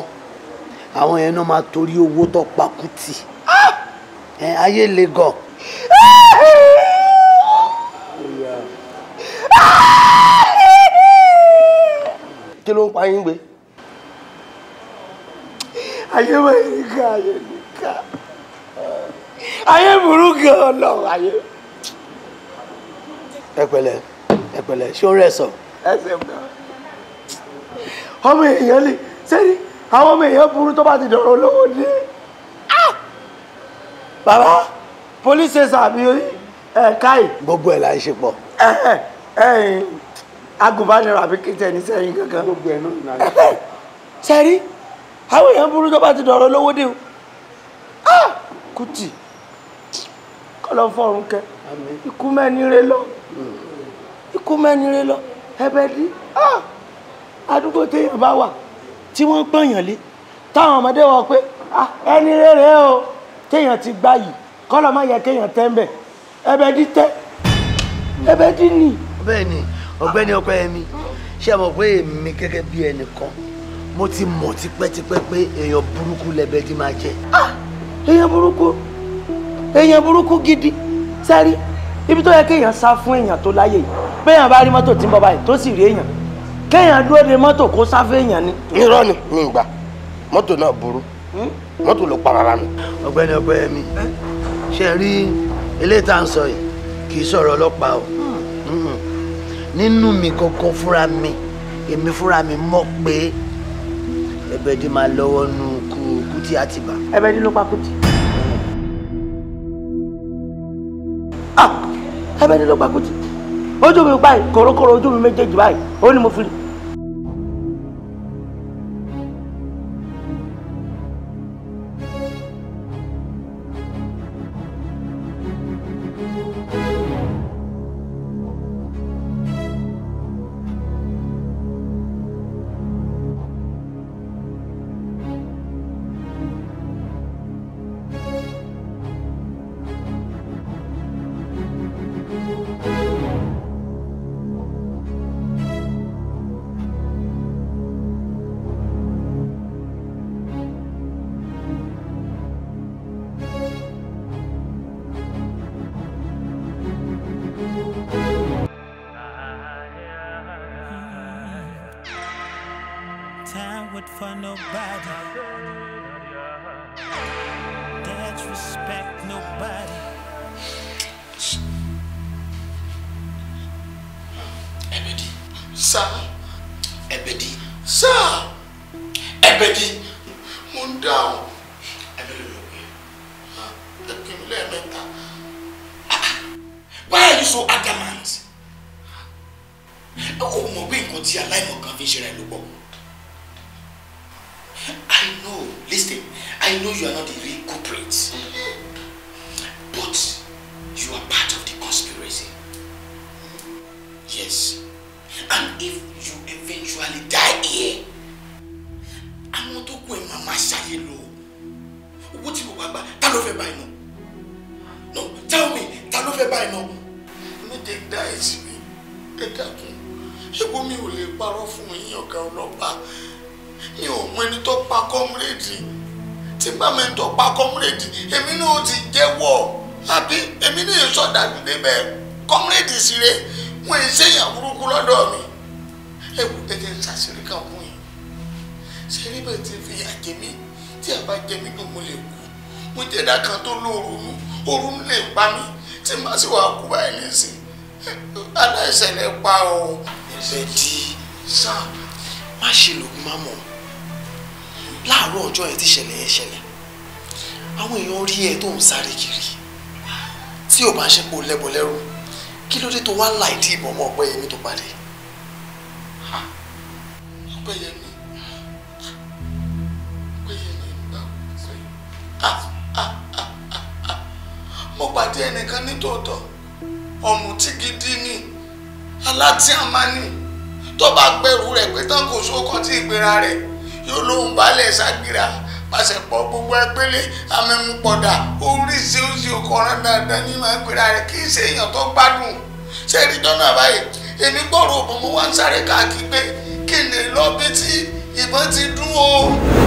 àwọn yẹn náà máa torí owó tó pa kùtì ayé le gan. kí ló ń pa yín gbé. ayé wẹ̀ ní ká ayé ní ká ayé burú gan-an lọ ayé ẹ pẹ̀lẹ́ ẹ pẹ̀lẹ́ ṣó rẹ sọ. ọmọ èèyàn lè sẹ́ni àwọn ọmọ èèyàn burú tó bá ti dọ̀rọ̀ olówó ni. Ah! bàbá police station àbí ẹ̀ka yìí. gbogbo ẹ̀ là ń ṣe pọ̀. agùnbánirọ̀ àbí kìtẹ̀ ní sẹ́yìn kankan. gbogbo ẹ̀ náà nà ní. sẹ́ni àwọn èèyàn burú tó bá ti dọ̀rọ̀ olówó dé o. Ah! kùtì kọ́lọ́ fọ́ọ̀rùn kẹ ikú mẹ́ni rẹ lọ ikú mẹ́nire lọ ẹbẹ dí ah! àdúgbò téèyàn bá wà tí wọ́n pọ̀yàn lé táwọn ọmọdé wọ pé ah, ẹni rere o téèyàn ti gbà yìí kọ́lọ̀ má yẹ kéèyàn tẹ́ ń bẹ̀ ẹbẹ dí tẹ́ ẹbẹ dí nì. bẹ́ẹ̀ ni ọ̀gbẹ́ni ọkọ ẹ̀mí ṣé ẹ mọ̀ pé èmi gẹ́gẹ́ bí ẹnìkan mo ti mọ̀ tipẹ́tipẹ́ pé èèyàn burúkú lẹ́bẹ̀ dí máa jẹ́. Ah! èèyàn burúkú èèyàn burúkú gidi sẹ́rí ibi tó yẹ kéèyàn sá fún èèyàn tó láyè yìí béèyàn bá rí mọ́tò tí ń bọ́ báyìí tó sì rí èèyàn kéèyàn dúró de mọ́tò kó sá fún èèyàn ni. irọ́ ni mi gbà mọ́tò náà burú hmm? mọ́tò ló pa rárá mi. ọ̀gbẹ́ni ọgbẹ́ mi ṣe rí eléyìí tá à ń sọ yìí kì í sọ̀rọ̀ ọlọ́pàá o hmm. Hmm. nínú mi kankan fúnra mi èmi fúnra mi mọ̀ pé Ẹbẹdì máa lọ́wọ́ nu Kútì Àtìbà. Ẹbẹdì ló pa Kútì. ah ẹbẹ ni ló gbàgbọ́ tí ojú mi báyìí kòrókòrò ojú mi méjèèjì báyìí ó ní mo fi rí i. wọ́n wa wá kú báyìí nísìn aláìsàn lè pa o. ẹ̀bẹ̀ di sá má ṣe lògùn má mọ̀ láàárọ̀ ọjọ́ yẹn tí ṣẹlẹ̀ yẹn ṣẹlẹ̀ àwọn èèyàn rí ẹ tó ń sáré kiri tí ò bá ń ṣe pò lẹ́bọ̀ lẹ́rù kí ló dé tó wá láì dí ìbọn ọmọ Ọpẹ́yẹmí tó pàdé. Ọpẹ́yẹmí Ọpẹ́yẹmí ń bá Ọpẹ́yẹmí mo pàdé ẹnìkan nítòótọ́ ọ̀mùtí gidi ni aláti amani, tó bá gbẹrù rẹ̀ pé tán kò sóko tí ìgbéra rẹ̀ yóò lóun balẹ̀ ságbéra pàṣẹpọ̀ gbogbo ẹgbẹ́lẹ́ amẹ́mupọ̀dà oríṣiríṣi ọkọ̀ọ̀rán dandan ní máa ń gbéra rẹ̀ kì í ṣe èèyàn tó gbádùn ṣé rí dọ́nà báyìí èmi gbọ́rọ̀ òbòmọ́ wá ń sáré káàkiri pé kí ni lọ́bí tí ìbọn ti dún o.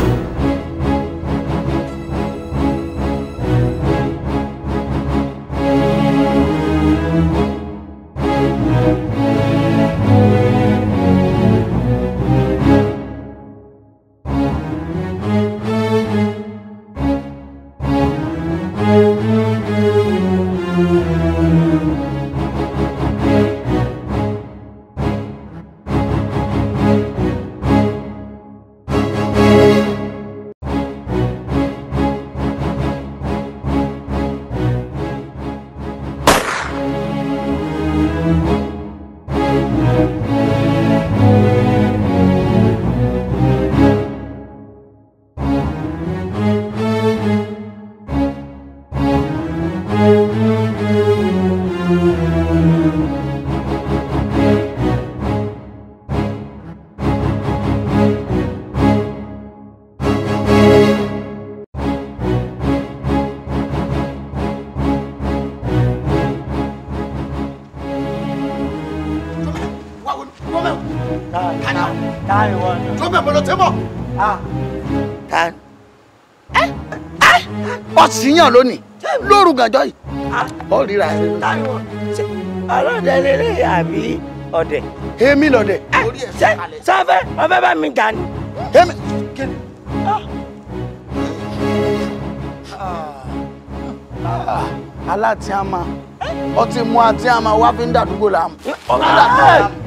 lónìí lóru gànjọ́ yìí ọ ah, ríra ẹ. ọlọ́dẹ lélẹ̀ àbí ọ̀dẹ. èmi lọ̀dẹ. Ah, ṣe sáfẹ́ ọfẹ́ bá mi jà ni. èmi kí ni. Ah. aláti àmà ọtí mu àti àmà wá fi ń dàdúgbò làmù. ọ̀gá dàdúgbò làmù.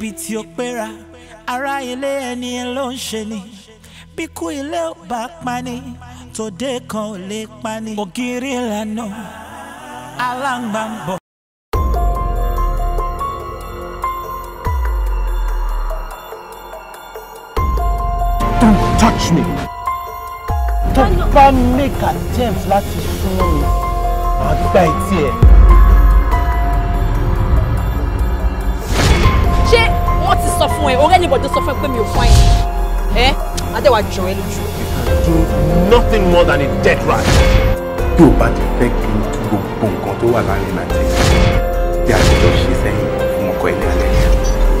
ibi tí ó péra ara ilé ẹni ló ń ṣe ni bí kú ilé ò bá pani tòde kan ò lè pani ògiri ìlànà aláǹgbá Don't touch me. tó bá make attempt láti súnmọ́ mi màá gba etí ẹ̀. ti sọ fún ẹ ọ̀rẹ́ níbọdọ sọ fún ẹ pé mi ò fún ẹ ẹ adéwà ẹ lójú. do nothing more than a dead rat. tó o bá ti fẹ́ kí n tú gbogbo nǹkan tó wà láàrin àti tí a ti lọ ṣe sẹ́yìn fún ọkọ ilé alẹ́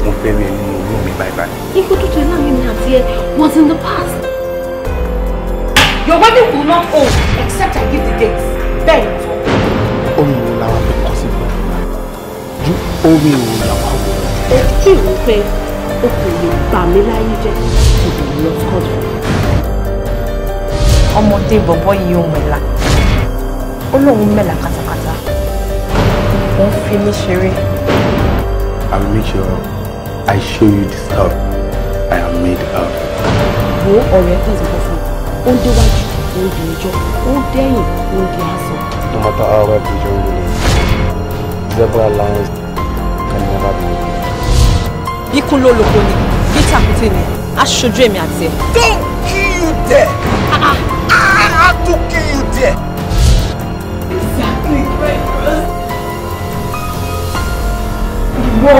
mo fẹ́ rí ẹni inú mi báyìí báyìí. ikú tó tẹ̀lé àmì mi àti ẹ was in the past. your wedding will not hold except I give the date bẹ́ẹ̀. omi ìwòlàwà ló kọ́ sí ìgbà omi ìwòlàwà ó fi wù pé o kò lè bà mí láyé jẹ́ kò lọ kọ́dù. ọmọdé bọ̀bọ́ yìí ò mẹ́la ó lóun mẹ́la kátakátá ó ń fi mí ṣeré. I will make sure I show you the stuff I am made of. wo ọ̀rẹ́ kí n sọ fún un ó ń déwájú ó ń di ẹjọ́ ó ń ó di àṣọ. no matter how well you do it zebra lines can never be replaced bí kún ló ni bí tàkùté ni aṣojú èmi àti ẹ. don't kill you there. Uh-uh. Ah, I ah, have to kill you there. exactly right bro. ìwọ.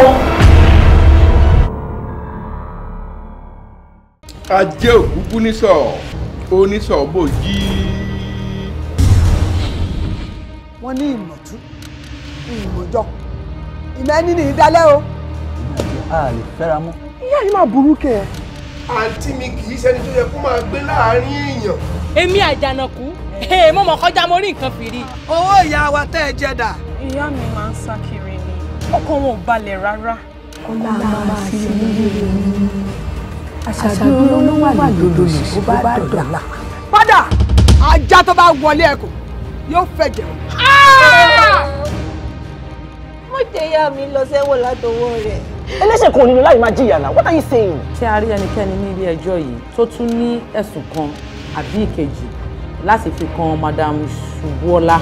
ajé òkúkú nísọ̀ onísọ̀ bòjì. wọ́n ní ìmọ̀tún ìmọ̀jọ ìmọ̀ ẹni nìyí dalẹ́ o a lè fẹ́ra mọ́. ìyá yìí máa burú kẹ. àǹtí mi kì í ṣẹni tó yẹ kó máa gbé láàárín èèyàn. èmi àjànàkú mo mọ̀ kọjá mo rí nǹkan fìrí. owó ìyá wa tẹ́ ẹ jẹ dà. ìyá mi máa ń sá kiri ni ọkàn wọn ò balẹ̀ rárá. ọlá máa fi nílé mi àṣàbí olówó wà lódò yìí ó bá dọ̀là. padà ajá tó bá wọlé ẹkùn yóò fẹ̀jẹ̀. Ah! mo jẹ́ ìyá mi lọ sẹ́wọ̀n látọwọ́ rẹ̀ ẹlẹ́ṣẹ̀ kan nínú láì máa jìyà náà what are you saying. ṣé a rí ẹnikẹ́ni ní ilé ẹjọ́ yìí tó tún ní ẹ̀sùn kan àbí ìkejì láti fi kan madam Ṣubúọlá.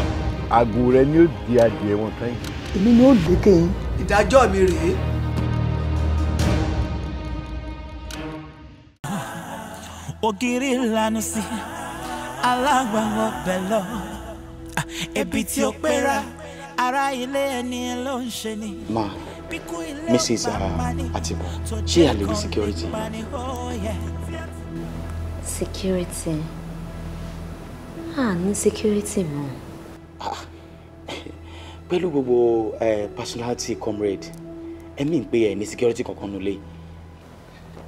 àgò rẹ ni ó di adìẹ wọn tán yìí. èmi ni ó lékè yín. ìdájọ́ mi rèé. ògiri lanu sí alágbàwọ̀ bẹ̀lọ́ ebi tí ó pera ara ilé ẹni ló ń ṣe ni. máa Mrs. Uh, Atibo she a lè rí security yìí. security a ah, ní security mọ. Ah, pẹ̀lú gbogbo personality comrade ẹ̀mí ń pè ẹ̀ ní security kankan nulẹ̀.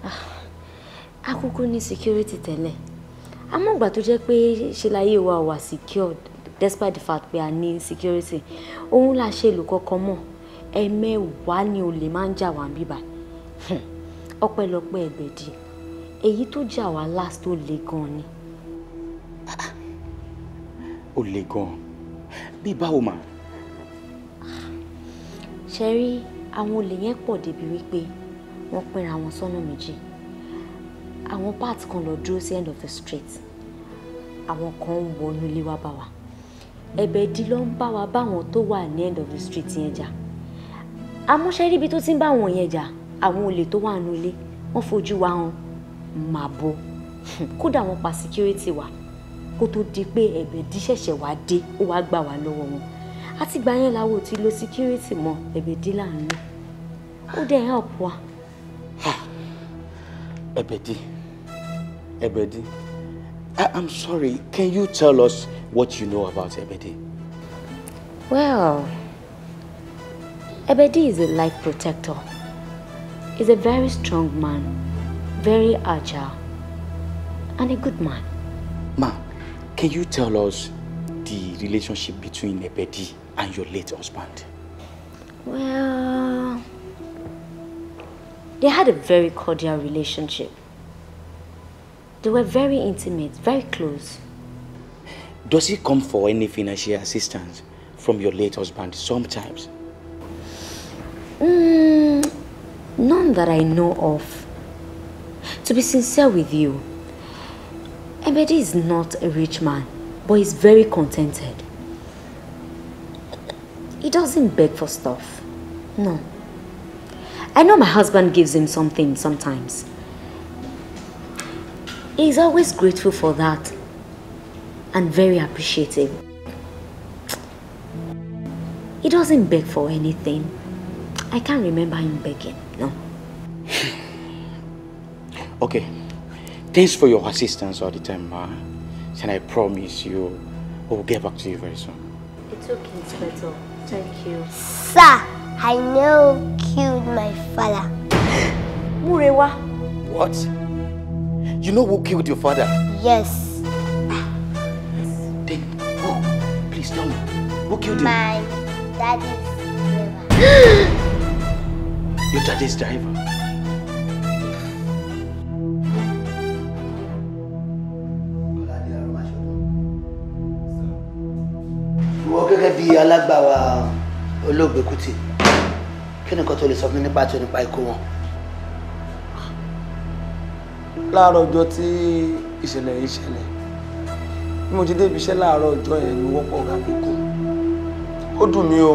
a ah, kúkú ní security tẹ́lẹ̀ àmọ́ ìgbà tó jẹ́ pé ṣe láyé wa wà secured despite the fact we are ní security òun là ṣe ìlú kankan mọ́ ẹ̀mẹ́wàá ni olè máa ń jà wá ń bíbà ọpẹ́lọpẹ́ ẹgbẹ̀dì èyí tó jà wá last tó le gan ni. Ah, ó le gan bí báwo mà. ṣe rí àwọn olè yẹn pọ̀ débi wípé wọ́n pínra wọn sọ́nà méjì àwọn part kan lọ dúró sí end of the street àwọn kan ń wọnú ilé wa bá wa ẹ̀bẹ̀dì ló ń bá wa báwọn tó wà ní end of the street yẹn jà. Ja amúṣẹ́rí ibi tó ti ń bá àwọn yẹn jà àwọn olè tó wà nù ilé wọ́n fojú wa hàn máa bọ̀ kódà wọ́n pa security wa kó tó di pé ẹ̀bẹ̀dì ṣẹ̀ṣẹ̀ wá dé ó wá gbà wá lọ́wọ́ wọn àtìgbà yẹn làwọn ò ti lo security mọ́ ẹ̀bẹ̀dì là ń lò ó dẹ̀ help wa. ẹ̀bẹ̀dì ah, ẹ̀bẹ̀dì ah, I am sorry can you tell us what you know about ẹ̀bẹ̀dì. well. Ebedi is a life protector. He's a very strong man, very agile, and a good man. Ma, can you tell us the relationship between Ebedi and your late husband? Well, they had a very cordial relationship. They were very intimate, very close. Does he come for any financial assistance from your late husband sometimes? Mm, none that I know of. To be sincere with you, Emedi is not a rich man, but he's very contented. He doesn't beg for stuff. No. I know my husband gives him something sometimes. He's always grateful for that and very appreciative. He doesn't beg for anything. I can't remember him begging, no. okay. Thanks for your assistance all the time, Ma. And I promise you, we'll get back to you very soon. It's okay, Inspector. Thank you. Sir, I know killed my father. Murewa. What? You know who killed your father? Yes. Then who? Please tell me. Who killed my him? My daddy's brother. your daddy's driver. ìwọ gẹ́gẹ́ bí alágbàwà olóògbé Kútì kí nìkan tó lè sọ fún mi nípa tó nípa ikú wọn. láàárọ̀ ọjọ́ tí ìṣẹ̀lẹ̀ yìí ṣẹlẹ̀ bí mo ti débi iṣẹ́ láàárọ̀ ọjọ́ yẹn ni wọ́pọ̀ ọ̀gá mi ó dùn mí o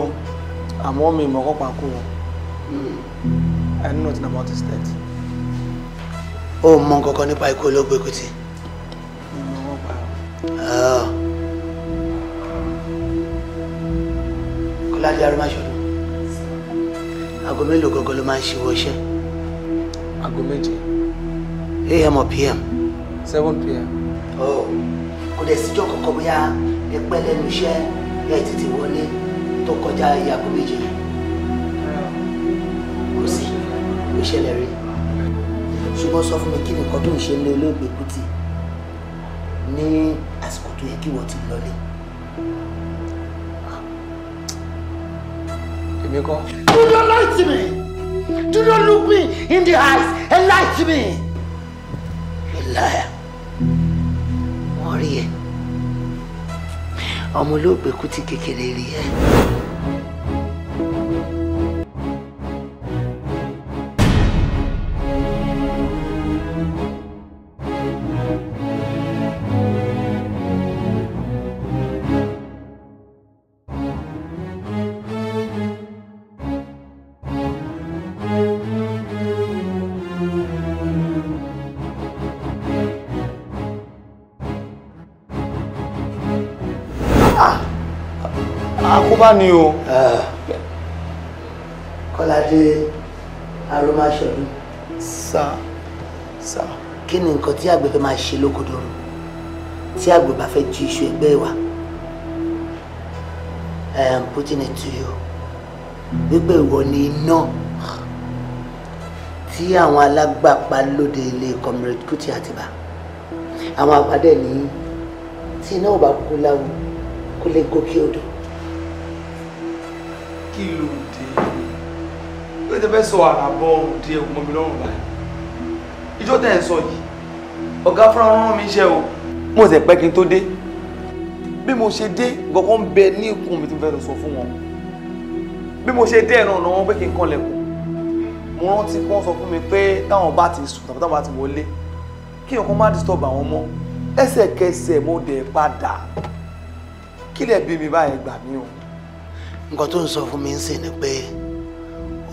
àmọ́ mi ìmọ̀ kọ́pàá kú wọn. Hmm. I know nothing about his death. Ó mọ nǹkan kan nípa ikú olóògbé Kuti. Hmm, oh. Kọ́ládé Arúmáṣọ́dún, aago mélòó gangan ló máa ń ṣíwọ́ iṣẹ́? Aago méje. AM or PM? 7 PM. Oh, kò dẹ̀ síjọ́ kankan bóyá ẹ pẹ́ lẹ́nu iṣẹ́ ẹ tètè wọlé tó kọjá iye ṣẹlẹ̀ rí ṣùgbọ́n sọ fún mi kí ni tó ń ṣe ní olóògbé Kútì ní àsìkò tó yẹ kí wọ́n ti lọlé. èmi kọ́. do not lie to me do not look me in the eyes and lie to me. you liar wọ́n rí ẹ ọmọ olóògbé Kútì kékeré rí ẹ. bá ní o. kọ́ládé aromaṣọ́dún. sá sá. kí ni nǹkan tí àgbẹ̀ fẹ́ máa ṣe lókodoro tí àgbẹ̀ bá fẹ́ ju iṣu ẹgbẹ́ wa I am putting it to you wípé ìwọ ni iná tí àwọn alágbàpá lóde ilé comrade Kuti Atiba àwọn àgbàdẹ ní tí iná ò bá kú láwo kó lè gòkè odò kí ló dé ó ti fẹ́ sọ àràbọ̀ ọ̀hún dé ẹ̀kú mọ́ mi lọ́rùn báyìí ìjọ tẹ̀ ń sọ yìí ọ̀gá fúnra rán mi iṣẹ́ o mo sì pẹ́ kí n tó dé bí mo ṣe dé gbọ̀ngàn bẹ ní ikùn mi ti fẹ́ lọ sọ fún wọn bí mo ṣe dé ẹ̀rọ ọ̀nà wọn pé kí n kànlẹ̀kùn mo rántí pé wọ́n sọ fún mi pé táwọn bá ti sùn tàbí táwọn bá ti wọlé kí nǹkan má disturb àwọn mọ́ ẹsẹ̀kẹsẹ̀ mo dẹ̀ padà kílẹ̀ bí mi báyẹn gbà mí o nǹkan tó ń sọ fún mi ń sìn ni pé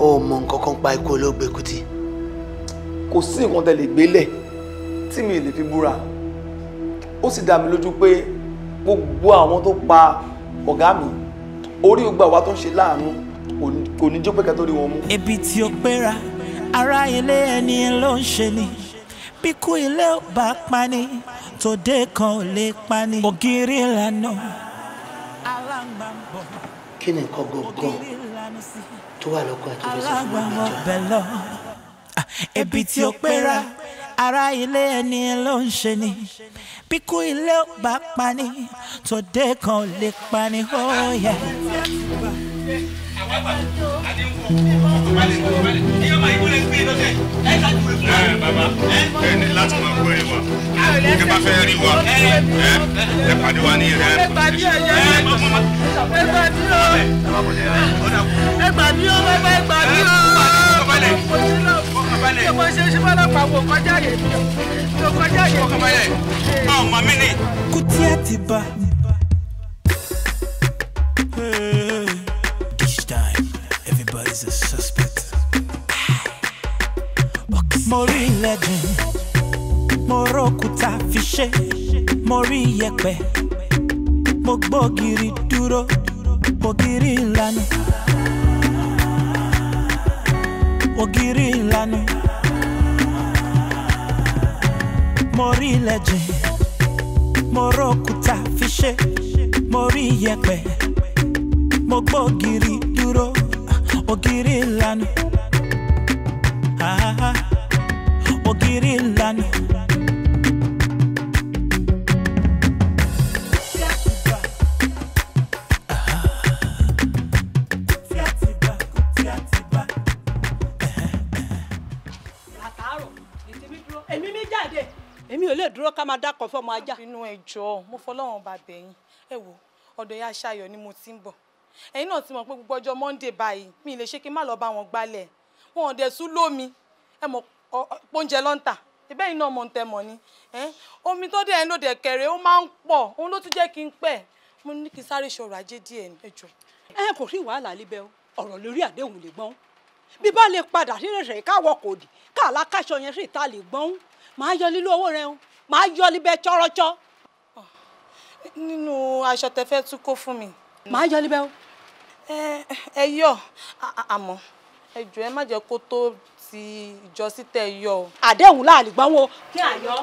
ó mọ nǹkan kan pa ikú olóògbé Kuti. kò sí nǹkan tẹ̀lé gbélẹ̀ tí mi lè fi búra ó sì dá mi lójú pé gbogbo àwọn tó pa ọ̀gá mi orí gbogbo àwa tó ń ṣe láàánú kò ní jó pẹ́kẹ́ tó rí wọn mú. ebi tí ó pera ara ilé ẹni ló ń ṣe ni bíkú ilé ò bá pani tòde kan ò lè pani ògiri ìlànà aláǹgbá kí ni nǹkan gangan tó wà lọ́kọ̀ àtúnṣe fún ìgbàjọ. Ah, ebi tí ó pera ara ilé ẹni ló ń ṣe ni bíkú ilé ò bá pani tòde kan ò lè pani ó oh yẹ bàbá ẹ Hey. is a suspect. mo rí ilẹ̀ jìn mo rókúta fi ṣe mo rí iyẹ̀pẹ̀ dúró ògiri ńlá ni ògiri ńlá ni mo rí ilẹ̀ jìn mo rókúta fi ṣe mo ògiri ìlànà ògiri ìlànà. èmi ò lè dúró ká máa dákọ̀ fọmọ ajá. inú ẹjọ́ mo fọlọ́run bàbẹ̀ yín ẹ wo ọ̀dọ̀ ya ṣayọ̀ ni mo ti ń bọ̀ ẹ̀yin náà ti mọ̀ pé gbogbo ọjọ́ monday báyìí mi lè ṣe kí n má lọ bá wọn gbálẹ̀ wọn ò dẹ̀ sún lómi ẹ mọ̀ oúnjẹ lọ́ńtà ibẹ̀ yìí náà mọ̀ tẹ mọ̀ ni omi tó dẹ̀ ń lò dẹ̀ kẹ̀rẹ̀ ó máa ń pọ̀ òun ló tún jẹ́ kí n pẹ́ mo ní kí n sáré ṣọ̀rọ̀ ajé díẹ̀ ẹ jọ. ẹ kò rí wàhálà níbẹ̀ o ọ̀rọ̀ lórí àdéhùn lè gbọ́n bí bá lè padà sí rẹ̀ káwọ́ kò dì káàlá káṣọ yẹn sì ta lè gbọ́n máa yọ lílo owó rẹ o máa yọ níbẹ̀ chọ́rọ́chọ́. nínú aṣọ tẹ fẹ́ tún kó fún mi. máa yọ níbẹ̀ o ẹ yọ àmọ́ ẹ jọ̀ọ́ ẹ má jẹ́ kó tó ti ìjọsí tẹ yọ o. àdéhùn láàlì gbọ́n wo. kí àyọ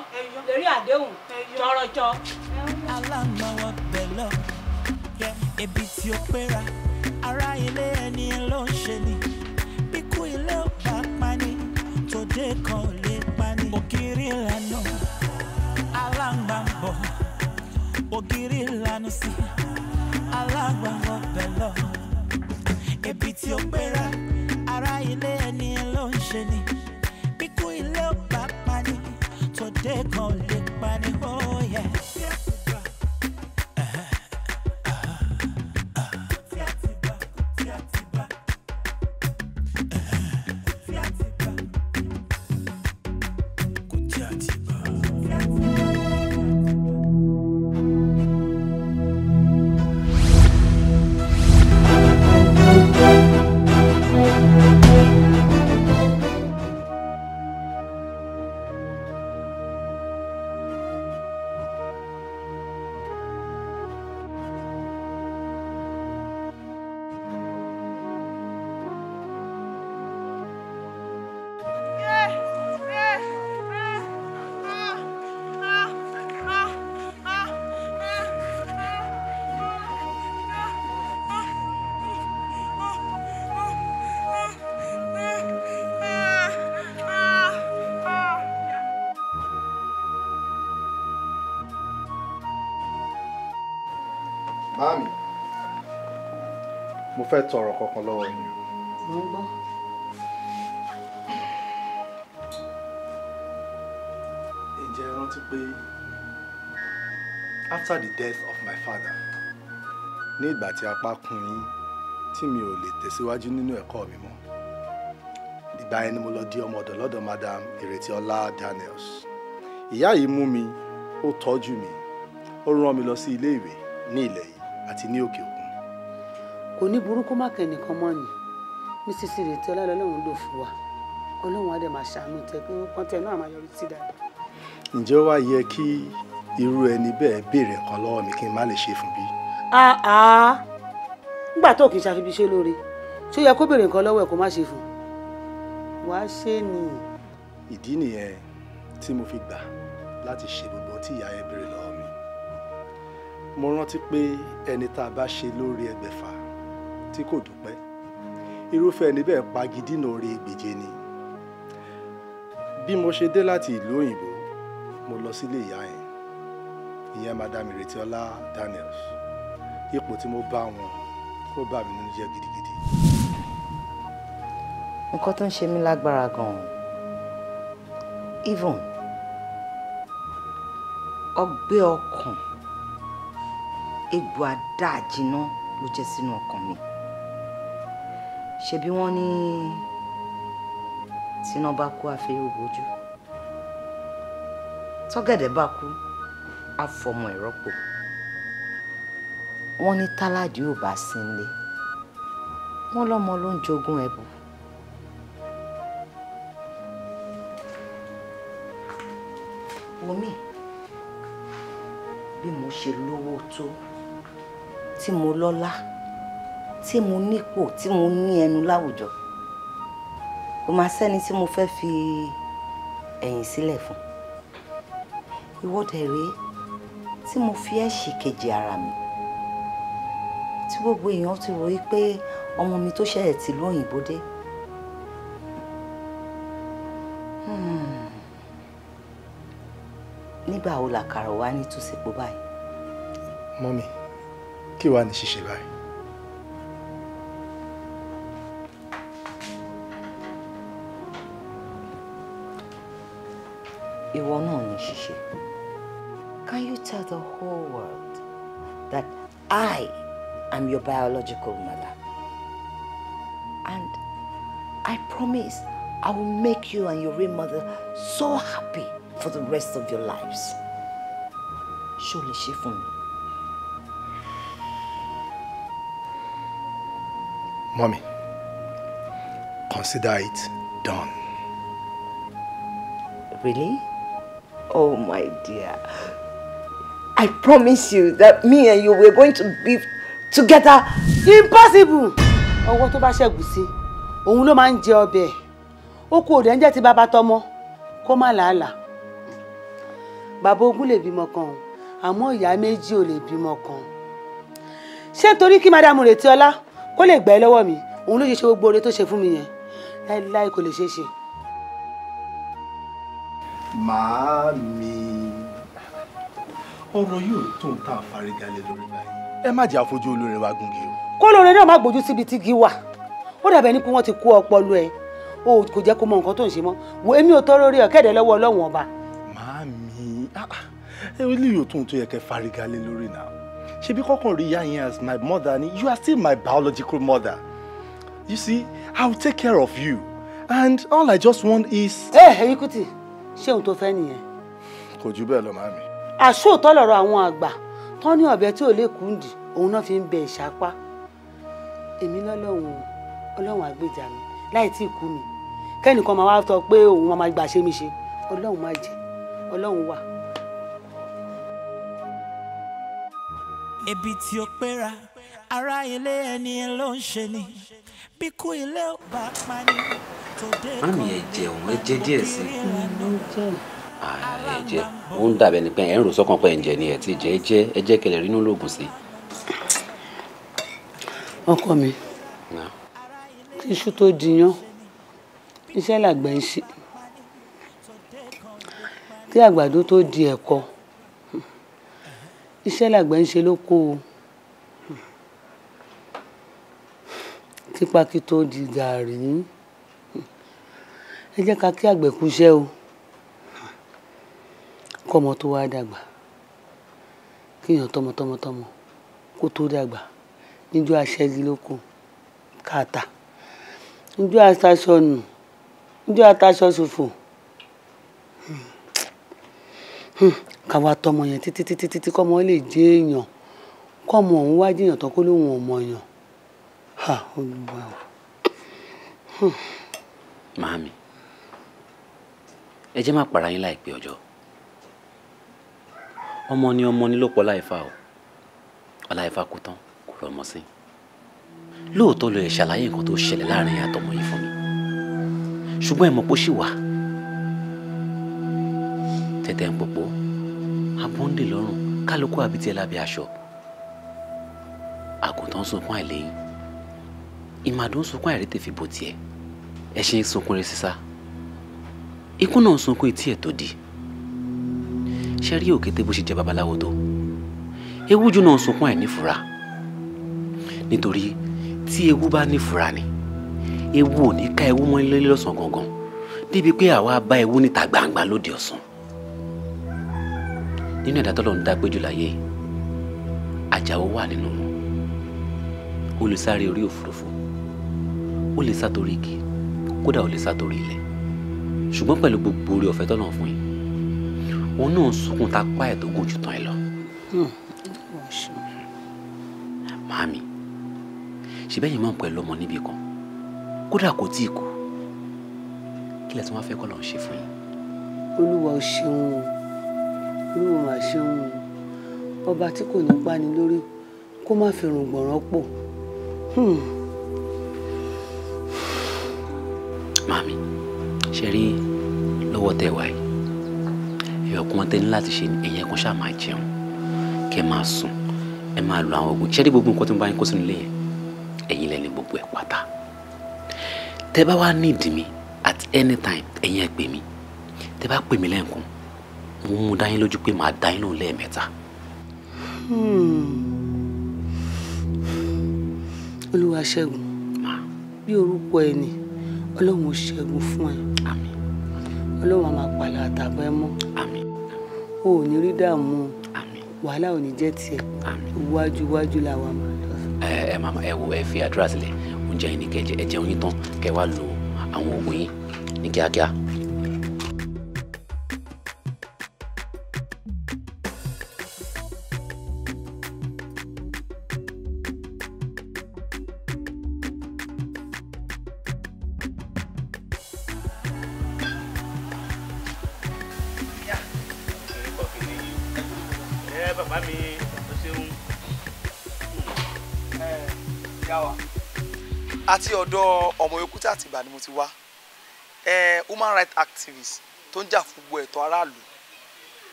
lórí àdéhùn jọrọjọ. aláǹgbáwọ bẹ̀ lọ ebi tí ó péra ara ilé ẹni ló ń ṣe ni bíkú ilé ò pani tòde kan lè pani. ògiri lànà aláǹgbá ògiri lànà sí aláǹgbá ń ebi tí ó pera ara ilé ẹni ló ń ṣe ni bíkú ilé ò bá pa ni tòde kan lè. fẹ́ tọrọ kankan lọ́wọ́ yín. mo ń gbọ́. ǹjẹ́ ẹ rántí pé after the death of my father ní ìgbà tí apá kún yín tí mi ò lè tẹ̀síwájú nínú ẹ̀kọ́ mi mọ́ ìgbà yẹn ni mo lọ di ọmọ ọ̀dọ̀ lọ́dọ̀ madam ìrètí ọlá daniels ìyá yìí mú mi ó tọ́jú mi ó rán mi lọ sí ilé ìwé ní ilẹ̀ yìí àti ní òkè òkun òní burúkú nìkan mọ́ ni mrs retí ọlọ́lọ́run lò fún wa ọlọ́run á dẹ̀ máa ṣàánú tẹ pé wọ́n tẹ náà máa yọrí sí dáadáa. ǹjẹ́ ó wá yẹ kí irú ẹni bẹ́ẹ̀ béèrè ẹ̀kan lọ́wọ́ mi kí n má lè ṣe fún bí. àá nígbà tó kì ṣàfihàn ṣe lóore ṣó yẹ kó béèrè nǹkan lọ́wọ́ ẹ̀ kó má ṣe fún wàá ṣe ni. ìdí nìyẹn tí mo fi gbà láti ṣe gbogbo tí ìyá ẹ béèrè lọ́wọ́ mi mo rántí pé ẹni tá a bá ṣe lórí ẹgbẹ̀fà tí kò dúpẹ́ irúfẹ́ ẹni bẹ́ẹ̀ pagidínà oore gbèje ni bí mo ṣe dé láti ìlú òyìnbó mo lọ sílé ìyá yẹn ìyẹn madam Ìrètíọlá Daniels ipò tí mo bá wọn ó bà mí nínú jẹ́ gidigidi. nǹkan tó ń ṣe mí lágbára gan-an even ọgbẹ́ ọkàn egbò àdáàjìnà ló jẹ́ sínú ọkàn mi ṣebí wọ́n ní tíná bá kú àfẹ́yẹ́ ògbójú tọ́gẹ̀dẹ̀ bá kú àfọmọ ìrọ́pò wọ́n ní táládì ò bá sí nílé wọ́n lọ́mọ ló ń jogún ẹ̀bùn. omi bí mo ṣe lówó tó tí mo lọ́lá tí mo nípò tí mo ní ẹnu láwùjọ kò máa sẹ́ni tí mo fẹ́ fi ẹ̀yìn sílẹ̀ fún ìwọ́dẹ̀ rèé tí mo fi ẹ́ ṣìkejì ara mi tí gbogbo èèyàn ti rò pé ọmọ mi tó ṣẹ̀yẹ̀ tìlú òyìnbó dé hmm. nígbà wo làkàrà wa ní túnṣepọ̀ báyìí. mọ́mi kí wàá ní ṣíṣe báyìí. ìwọ náà ní ṣíṣe. Can you tell the whole world that I am your biological mother? And I promise I will make you and your real mother so happy for the rest of your lives. Surely she lè me, Mommy, consider it done. Really? Oh, my dear. I promise you that me and you were going to be together. Impossible! Ọwọ́ tó bá ṣẹ́gun sí, òun man máa ń jẹ ọbẹ̀ ẹ̀. Ó kú òdẹ̀ ń jẹ́ ti bàbá tọmọ, kó má làálàá. Bàbá ogún lè bímọ kan, àmọ́ ìyá méjì ò lè bímọ kan. Ṣé nítorí kí Mádàmù Rètíọlá kó lè gbà ẹ́ lọ́wọ́ mi, òun ló ṣe ṣe gbogbo màámi ọ̀rọ̀ yóò tún tá a fariga lé lórí báyìí. ẹ má jẹ́ àfojú olóore wa gúngi o. kó lóore náà má gbójú síbi tí igi wà ó dàbẹ̀ ni pé wọ́n ti kó ọpọlọ ẹ̀ o kò jẹ́ kó mọ nǹkan tó ń ṣe mọ́ wo èmi ò tọrọ orí ọ̀kẹ́dẹ̀ lọ́wọ́ ọlọ́run ọba. màámi ah, ah, ẹ ó lè yóò tún tó yẹ kẹ́ fariga lórí náà ṣebí kọ́kàn rí yá yẹn as my mother ni you are still my biological mother you see i will take care of you and all i just want is. ẹ ẹ Kuti ṣé òun tó fẹ́ nìyẹn. kò jù bẹ́ẹ̀ lọ màámi. àṣòótọ́ lọ̀rọ̀ àwọn àgbà tán ní ọ̀bẹ tí ò lè kúndì òun náà fi ń bẹ ìṣápá èmi lọ́lọ́run ọlọ́run àgbèjà mi láì tí ì kú mi kẹ́nìkan máa wá sọ pé òun máa gbà ṣe mí ṣe ọlọ́run má jẹ́ ọlọ́run wà. ebi tí ó pera ara ilé ẹni ló ń ṣe ni mami ẹ jẹun ẹ jẹ díẹ̀ sí ẹ jẹ ó ń dàbẹ ni pé ẹ ń rò sọ́kàn pé ẹ ń jẹ ni ẹ ti jẹ ẹ jẹ ẹ jẹ kẹlẹ rínú lóògùn sí. ọkọ mi iṣu tó jiyàn iṣẹ́ làgbà ń ṣe kí àgbàdo tó di ẹ̀kọ iṣẹ́ làgbà ń ṣe lóko o. kí pákí tó di gàárì ẹ jẹ́ ká kí àgbẹ̀ kúṣẹ́ o kọ́mọ tó wá dàgbà kíyàn tọmọtọmọtọmọ kó tó dàgbà níjọ́ aṣẹ́gi lóko káàtà níjọ́ ataṣọ nù níjọ́ ataṣọ ṣòfò káwa tọmọ yẹn títí títí títí kọ́mọ lè jẹ́ èèyàn kọ́mọ òun wá jẹ́yàn tán lóun ọmọ èèyàn Ah, olùwà o. Hmm. màámi ẹ jẹ́ má para yín láìpẹ́ ọjọ́ ọmọ ni ọmọ ni ló pọ̀ láìfa o ọláìfa kú tán kò rọmọ sí lóòótọ́ ló ẹ̀ ṣàlàyé nǹkan tó ṣẹlẹ̀ láàrin àtọmọ yìí fún mi ṣùgbọ́n ẹ̀ mọ̀ pé ó ṣì wà tẹ̀tẹ̀ ń pòpò abọ́ndè lọ́rùn kálukú àbí tiẹ̀ lábẹ́ aṣọ àgùntàn sunkún àìlẹ́yìn ìmàdùn sunkún àìrí tèfì bò tiẹ̀ ẹ̀ṣin sunkún rẹ sísá ikú náà sunkún etí ẹ̀ tó di ṣe rí òkété bó ṣe jẹ́ babaláwo tó ewúju náà sunkún ẹ̀ nífura nítorí tí ewu bá nífura ni ewu ò ní ká ewu mọ́ ilé lọ́sàn gangan débi pé àwa bá ewu níta gbangba lóde ọ̀sán nínú ẹ̀dá tọ́lọ́ ń dá péjú láyé Àjàó wà nínú wọn olùsáré orí òfurufú O lè sátorí igi kódà ó lè sátorí ilẹ̀ ṣùgbọ́n pẹ̀lú gbogbo orí ọ̀fẹ́ tọ́nà fún yín òun náà ń sunkún ta pa ẹ̀ tó gùn jù tán ẹ lọ. màámi ṣe bẹ́ẹ̀ yín máa ń pẹ̀lú ọmọ níbi kan kódà kò tí ì kú kí lẹ tí wọ́n fẹ́ kọ́ lọ́n ṣe fún yín. olúwa ò ṣeun olúwa mà ṣeun ọba tí kò ní pani lórí kó má fi rùngbọ̀n rọ́pò. Hmm. Mami, ṣe rí lọ́wọ́ tẹ wáyé ẹ̀yọ̀ kan tẹ ní láti ṣe ẹ̀yẹ kan ṣáà máa jẹun kẹ́ máa sùn ẹ máa lo àwọn oògùn ṣe rí gbogbo nǹkan tó ń bá yín kó sínú ilé yẹn ẹ̀yin lẹ́ni gbogbo ẹ̀ pátá tẹ bá wá ní ìdí mi at any time ẹ̀yin ẹ̀ pè mí tẹ bá pè mí lẹ́ǹkan mo mú dá yín lójú pé màá dá yín lóhùn lẹ́ẹ̀mẹ́ta. Hmm. Olúwaṣẹ́gun bí orúkọ ẹni ọlọ́run ó ṣẹ́gun fún ẹ àmín ọlọ́run á máa pàlà àtàbọ̀ ẹ mọ́ o ò ní rí dààmú àmín wàhálà ò ní jẹ́ tiẹ̀ àmín iwájú iwájú la wà máa lọ. ẹ ẹ màmá ẹ wo ẹ fi àdúrà sílẹ̀ oúnjẹ yín ni kẹjẹ ẹ jẹun yín tán kẹ wá lo àwọn oògùn yín ní kíákíá. ti wá ẹ human rights activists. tó ń jà fún gbogbo ẹ̀tọ́ aráàlú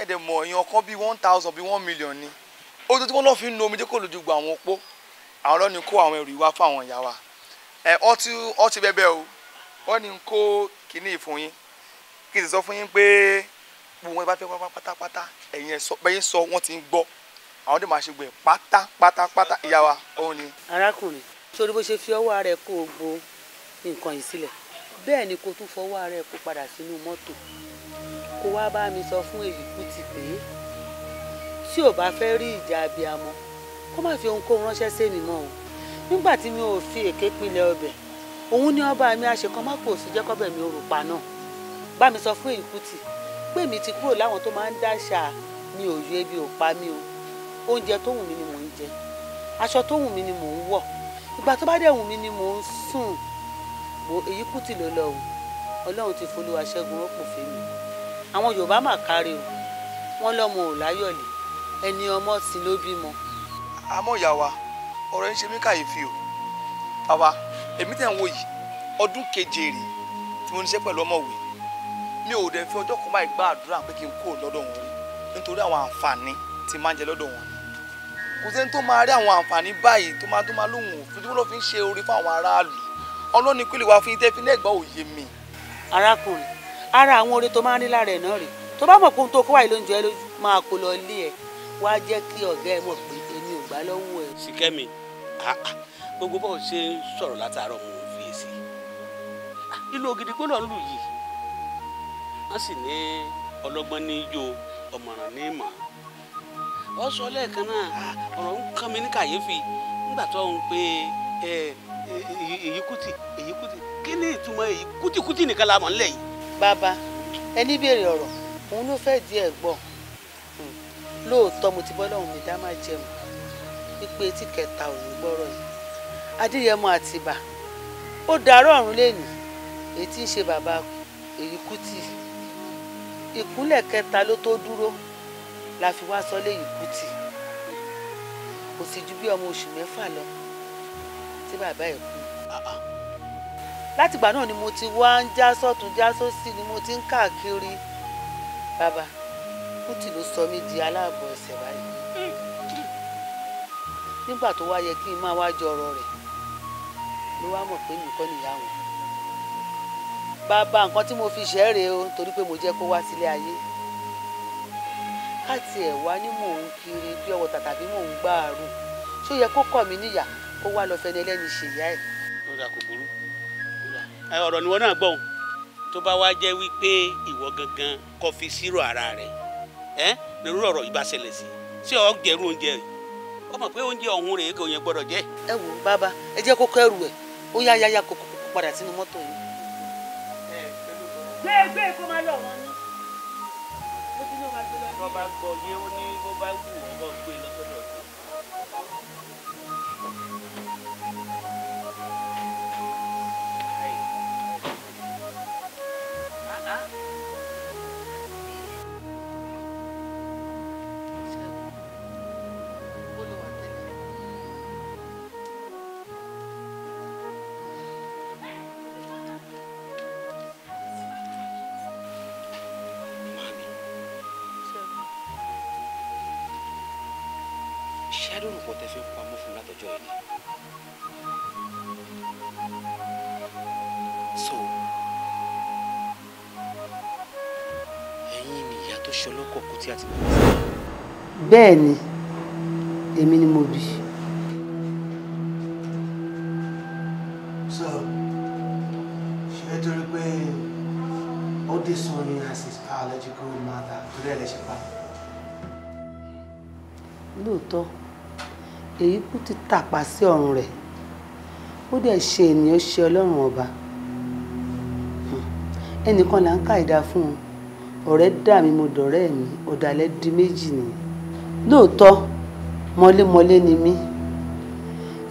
ẹ dẹ̀ mọ̀ èèyàn kan bíi one thousand bíi one million ni ojú tí wọ́n lọ́ọ́ fi ń nu omijé kò lójú gba àwọn opó àwọn ọlọ́ni kó àwọn ẹrù ìwá fún àwọn ìyá wa ẹ ọtí ọtí bẹ́bẹ́ o wọ́n ní ń kó kínní ìfún yín kí n sì sọ fún yín pé gbogbo wọn bá fẹ́ wá pátápátá ẹ̀yin ẹ̀ sọ bẹ́yìn sọ wọ́n ti ń gbọ́ àwọn ọdún máa ṣe gbẹ̀ pátápátápátá ìyá wa òun ni. arákùnrin sórí bó ṣe fi ọwọ́ rẹ̀ kó o gbó nǹkan yìí sílẹ̀ bẹ́ẹ̀ ni kò tún fọwọ́ ara ẹ̀ kó padà sínú mọ́tò kó wá bá mi sọ fún èyí kú ti pè é tí ò bá fẹ́ rí ìjà abiyamọ kó má fi ohunkóhun ránṣẹ́ sẹ́mi mọ́ o nígbà tí mi ò fi èké pinlẹ̀ ọbẹ̀ òun ni ọba mi àṣekàn má pòsù jẹ́kọ́bẹ̀ mi òrùpa náà bá mi sọ fún èyí kú ti pé mi ti kúrò láwọn tó máa ń dáṣà mi ò yọ ebi ò pa mi o oúnjẹ tó wù mí ni mò ń jẹ aṣọ tó wù mí ni mò ń wọ̀ ìgbà tó bá dẹ̀ wù mí ni mò ń sùn wo èyí kú tì ló lọ o ọlọ́run ti folúwa ṣẹ́gun rọ́pò fèmí àwọn yorùbá mà kárí o wọ́n lọ́mọ ò láyọ̀lé ẹni ọmọ sí ló bímọ. àmọ́ ọ̀rọ̀ ń ṣe mí kàyéfì o bàbá èmi tẹ̀ ń wo yìí ọdún keje rèé tí mo ní ṣe pẹ̀lú ọmọwé mi ò dẹ̀ fi ọjọ́ kan báyìí gba àdúrà pé kí n kúrò lọ́dọ̀ wọn nítorí àwọn àǹfààní tí máa ń jẹ lọ́dọ̀ wọn kò sẹ́ni tó máa rí àwọn àǹfààní báyìí tó máa tó máa lóhùn òfin tí lọ́ fi ń ṣe orí fáwọn aráàlú ọlọ́ni kúlẹ̀ wá fún yín tẹ́ fi lẹ́gbàá òye mi. arákùnrin ara àwọn oore tó máa ń rí lára ẹ̀ náà rè tó bá mọ̀ pé ohun tó kó wáyé ló ń jẹ́ lójú máa kó lọ ilé ẹ̀ wá jẹ́ kí ọ̀gá ẹ̀ mọ̀ pé èmi ò gbá lọ́wọ́ ẹ̀. Síkẹ́mi gbogbo bọ́ọ̀ ṣe ń sọ̀rọ̀ látàárọ̀ mo ń fi èsì ìlú ògidì gbọ́dọ̀ lù yìí wọ́n sì ní ọlọ́gbọ́n ní yó ọ̀mọ̀ràn ní ìmọ̀ ọ sọ lẹ́ẹ̀kan náà ọ̀rọ̀ ń kàn mí ní kàyéfì nígbà tó ń pe èyí kùtì èyí kùtì kí ni ìtumọ̀ èyí kùtìkùtì nìkan la mọ̀ nílẹ̀ yìí. bàbá ẹni béèrè ọ̀rọ̀ òun ló fẹ́ di ẹ̀ gbọ́ hmm. lóòótọ́ mo ti bọ́ lọ́hùn mi dá má jẹun wípé etí kẹta ò ní gbọ́rọ̀ yìí adéyẹmọ àtìbà ó darọ́ ọ̀run lẹ́nu èyí tí ń ṣe bàbá èyí kùtì ìkúnlẹ̀ kẹta ló tó dúró la fi wá sọ lẹ́yìn kùtì kò sì ju bí ọmọ oṣù mẹ́fà lọ tí bàbá ẹ̀ kú látìgbà náà ni mo ti wá ń já sọ́tún já sósì ni mo ti ń káàkiri bàbá kùtì ló sọ mí di aláàbọ̀ ẹsẹ̀ báyìí nígbà tó wá yẹ kí n máa wá jọrọ rẹ̀ ló wá mọ̀ pé nìkan nìyá wọn bàbá nǹkan tí mo fi ṣẹ́ rèé o torí pé mo jẹ́ kó wá sílé ayé káàtì ẹ̀ wá ní mò ń kiri bí ọwọ́ tàtàbí mò ń gbààrùn ṣó yẹ kó kọ̀ mí níyà kó wá lọ fẹni ẹlẹ́ni ṣèyá ẹ̀. ó dà kò burú ọ̀rọ̀ ni wọ́n náà gbọ́ tó bá wá jẹ́ wípé ìwọ gangan kò fi sírò ara rẹ̀ ẹ́ lórí ọ̀rọ̀ ìbáṣẹlẹ̀ sí ṣé ọ gẹ̀rú oúnjẹ rẹ̀ ó mọ̀ pé oúnjẹ ọ̀hún rèé kò yẹn gbọ́dọ̀ jẹ́. ẹ wò ó bàbá ẹ jẹ́ kó kẹ́rù ẹ̀ ó yá yáyá kó padà sínú mọ́tò yìí. gbé gbé kó máa lọ wọn ni. bó o máa gbé lọ. bó bá gbọ́ yé ó ní bó bá wù ọ́ bọ́ gbé lọ́jọ́ yìí so ẹ̀yin ni ìyá tó ṣe ọlọ́kọ̀ kú tí a ti mọ̀ sí. bẹ́ẹ̀ ni èmi ni mo bí. so lóòótọ́ èyí kú ti tàpá sí ọ̀run rẹ̀ ó dẹ̀ ṣe ènìyàn ṣe ọlọ́run ọba hmm. ẹnìkan là ń ka ìdá fún un ọ̀rẹ́ dà mí mo dọ̀rẹ́ mi ọ̀dàlẹ̀ di méjì nìyẹn lóòótọ́ mọ́lémọ́lé ni mí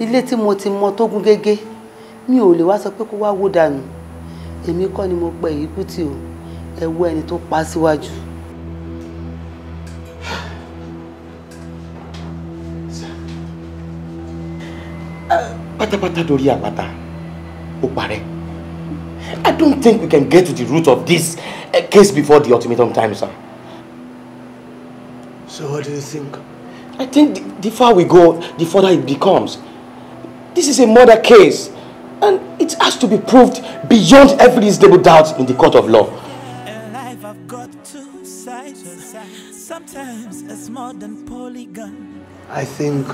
ilé tí mo ti mọ tó gún gégé mi ò lè wá sọ pé kó wá wó dànù èmi kọ́ ni mo pẹ èyí kú tì o ẹ wo ẹni tó pa síwájú. Si dorí I don't think we can get to the root of this uh, case before the ultimatum time sir. So what do you think? I think the, the far we go the further it becomes. This is a murder case and it has to be proved beyond every reasonable doubt in the court of law. Sometimes it's more than polygon. I think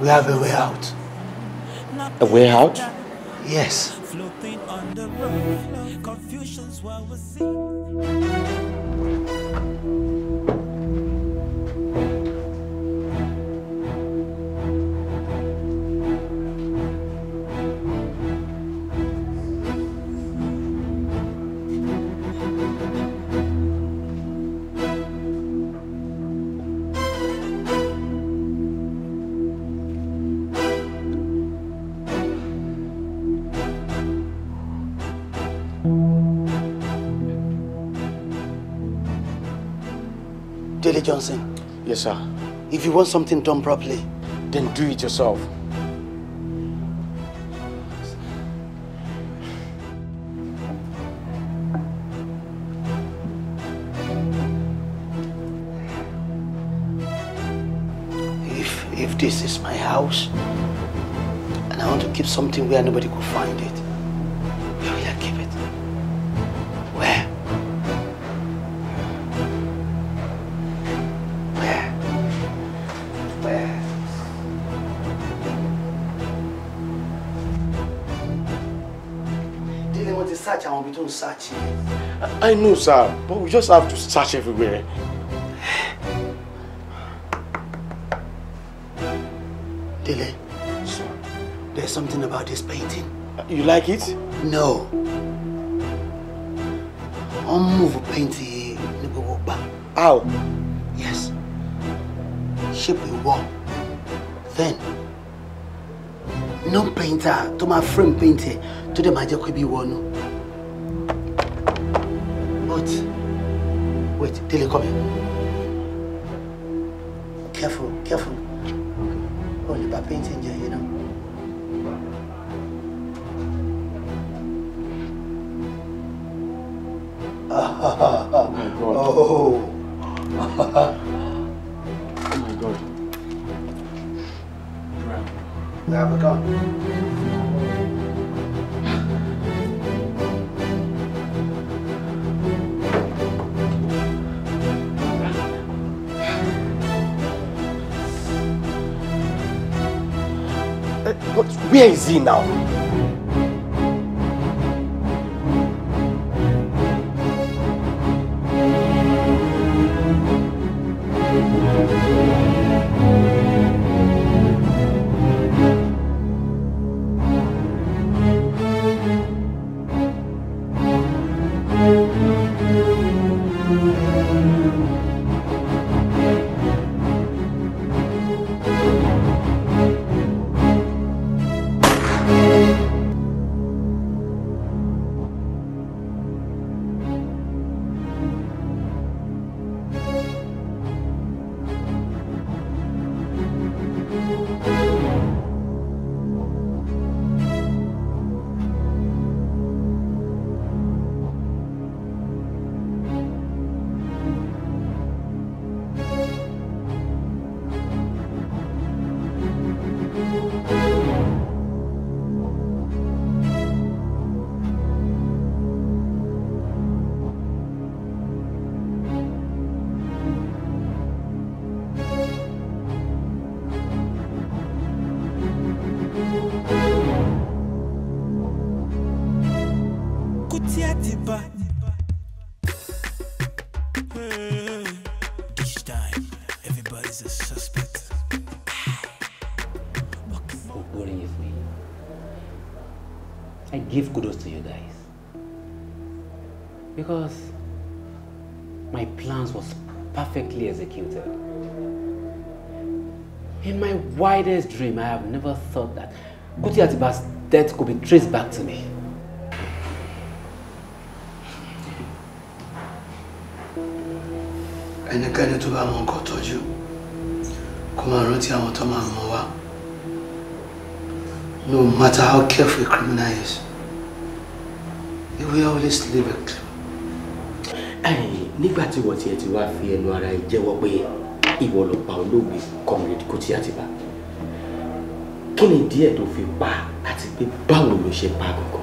we have a way out a way out? Yes. Johnson. Yes, sir. If you want something done properly, then do it yourself. If, if this is my house, and I want to keep something where nobody could find it, ibi tó search yẹn. I know sir but we just have to search everywhere. Dele, sir, there's something about this painting. You like it? No. Wọ́n move paint yìí ní gbogbo How? Yes. Shape a wall. Then, no painter to my friend. paint ẹ̀ tó dẹ̀ máa be one. Wait, Dele, come here. Careful, careful. Only oh, by painting here, you know. oh my god. Oh. oh my god. Grab. Grab it on. Where is he now? give kudos to you guys. Because my plans was perfectly executed. In my wildest dream, I have never thought that Kuti Atiba's death could be traced back to me. ẹnikẹ́ni tó bá mọ nǹkan you. Come máa tó no matter how careful a criminal is we always live it. nígbà tí wọ́n tiẹ̀ ti wá fi ẹnu ara ẹ jẹ́wọ́ pé ìwọ ló pa olóògbé comrade Kuti Atiba kí ni díẹ̀ tó fi pa àti pé báwo ló ṣe pa gbogbo.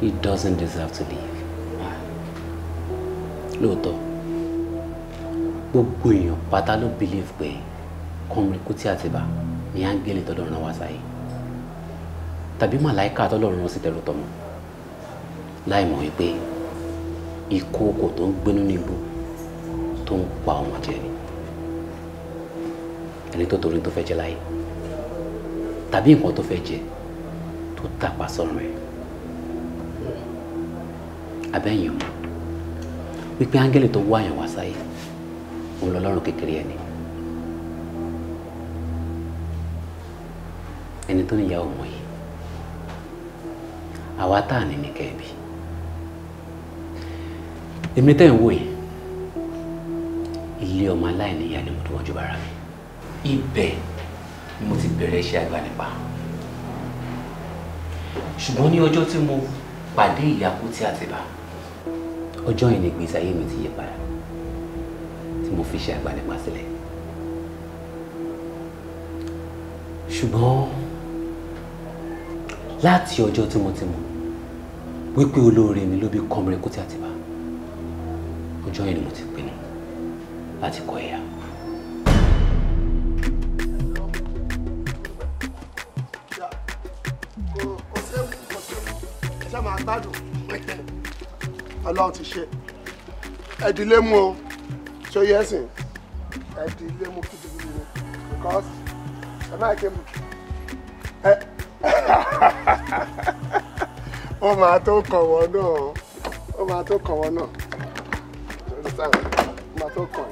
He doesn't deserve to live. lóòótọ́ gbogbo èèyàn pátá ló believe pé comrade Kuti Atiba ní áńgẹ́lì tọ́lọ́run náà wá sáyé tàbí màláìka tọ́lọ́run náà sì tẹ̀rù tọmọ láì mọ̀ wípé ìkookò tó ń gbénú ní igbó tó ń pa ọmọ jẹ ni ẹni tó torí tó fẹ́ jẹ láyé tàbí nǹkan tó fẹ́ jẹ tó tàpá sọ̀rọ̀ ẹ̀ abẹ́yìn mọ̀ wípé áńgẹ́lì tó ẹni tó níyà ò mọ̀ yìí àwa tá à ní ní kẹ́ẹ̀bì èmi tẹ́ ń wò yìí ilé ọmọ aláìníyá ni mo ti wọ́n jù bára mi ibẹ̀ ni mo ti bẹ̀rẹ̀ iṣẹ́ agbanipa ṣùgbọ́n ní ọjọ́ tí mo pàdé ìyá Kútì Àtìbà ọjọ́ yìí ni ìgbésí ayé mi ti yí padà tí mo fi ṣe agbanipa sílẹ̀ ṣùgbọ́n láti ọjọ́ tí mo ti mọ̀ wípé olóore mi ló bí kọ́mọrin kó tí a ti bá ọjọ́ yẹn ni mo ti pinnu láti kọ ẹ̀yà. ọlọ́run ti ṣe ẹ̀dílé mu o ṣó yẹ ẹ̀sìn ẹ̀dílé mu kìtìkìtì ni because ẹ̀ máa ké mu ẹ̀ ó máa tó kàn wọ́n náà ó máa tó kàn wọ́n náà lórí sáà ó máa tó kàn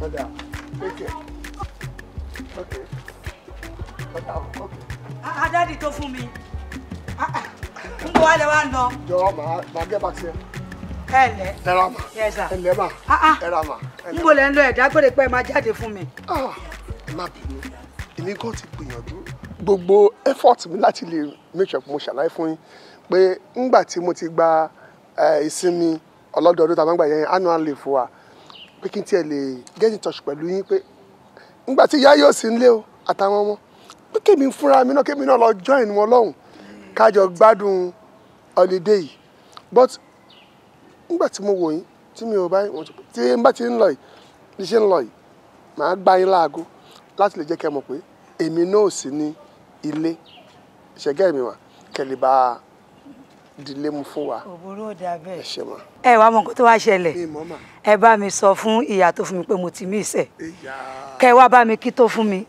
wọ́n dà kéèké ókè ọ̀dà ókè. adáàdì tó fún mi n kò wá lè wá nà. jọ̀wọ́ màá màá gẹ́ bàtí ẹ. ẹ lẹ. ẹ ra ma ẹ lẹ ma ẹ ra ma. n kò lè ń lọ ẹ̀dá gbọ́dọ̀ pé ẹ máa jáde fún mi. Ah, má bínú èmi kò ti gbìyànjú gbogbo effort mi láti lè make sure mo ṣàlàyé fún yín pé ńgbà tí mo ti gba eh, ìsinmi ọlọ́dọọdún tàbí àgbà yẹn annual leave wa pé kí n tiẹ̀ lè get in touch pẹ̀lú yín pé ńgbà tí ìyá yóò sí nílé o àtàwọn ọmọ pé kémi fúnra mi náà kémi náà lọ join wọn lọ́hùn kájọ gbádùn holiday yìí but ńgbà tí mo wò yín tí mi ò bá tí n bá ti ń lọ yìí ní ṣe ń lọ yìí màá gbá yín láago láti lè jẹ́ kẹ́ mọ̀ pé èmi náà ò sí ní ilé ṣẹ̀gẹ́ mi wà kẹ́lẹ́ bá a dilé mu fún wa. òbúrò dà bẹ́ẹ̀. ẹ ṣe mọ. ẹ wàá mọ nǹkan tó wá ṣẹlẹ̀ ẹ bá mi sọ fún ìyá tó fún mi pé mo ti mí ìsẹ̀ kẹ wá bá mi kí tó fún mi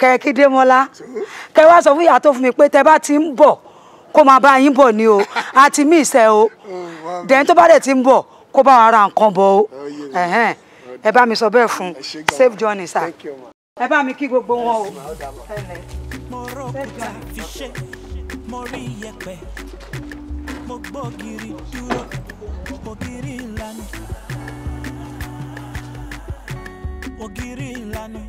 kẹ kí Démọ́lá kẹ wá sọ fún ìyá tó fún mi pé tẹ bá ti ń bọ̀ kó máa bá yín bọ̀ ni o a ti mí ìsẹ̀ o dẹ̀yìn tó bá dẹ̀ ti ń bọ̀ kó bá wa ra nǹkan bọ̀ o ẹ bá mi sọ bẹ́ẹ̀ fún safe journey sir ẹ bá mi kí gbogbo wọn o mo rókúta fi ṣe mo rí iyẹ̀pẹ̀ mo gbógiri dúró ògiri ìlànà ògiri ìlànà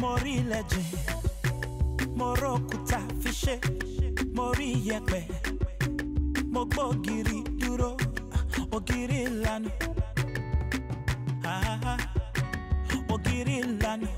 mo rí ilẹ̀ jìn mo rókúta fi ṣe mo rí iyẹ̀pẹ̀ mo gbógiri dúró ògiri ìlànà ògiri ìlànà.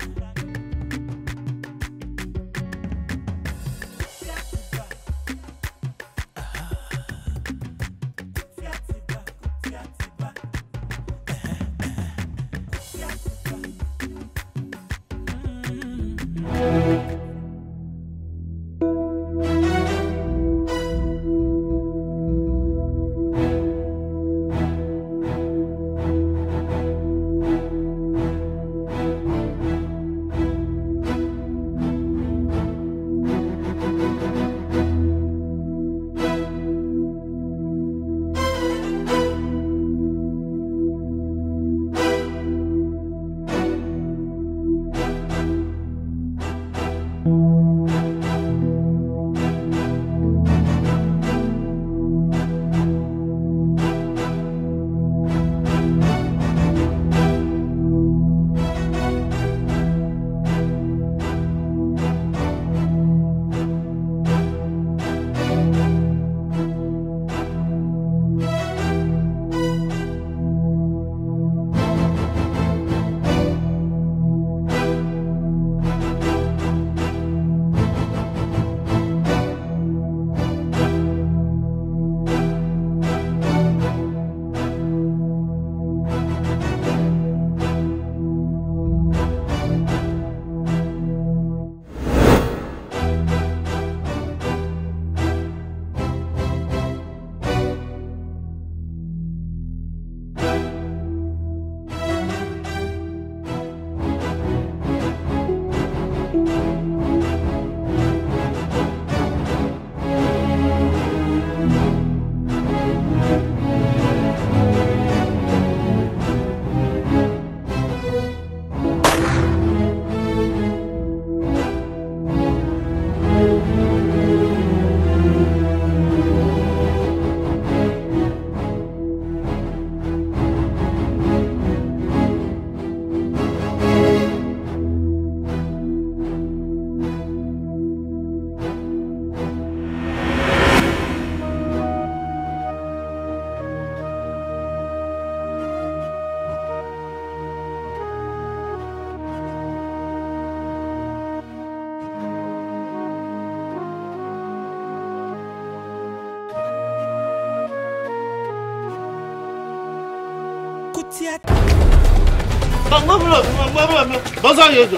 bọ́sà yẹn jù.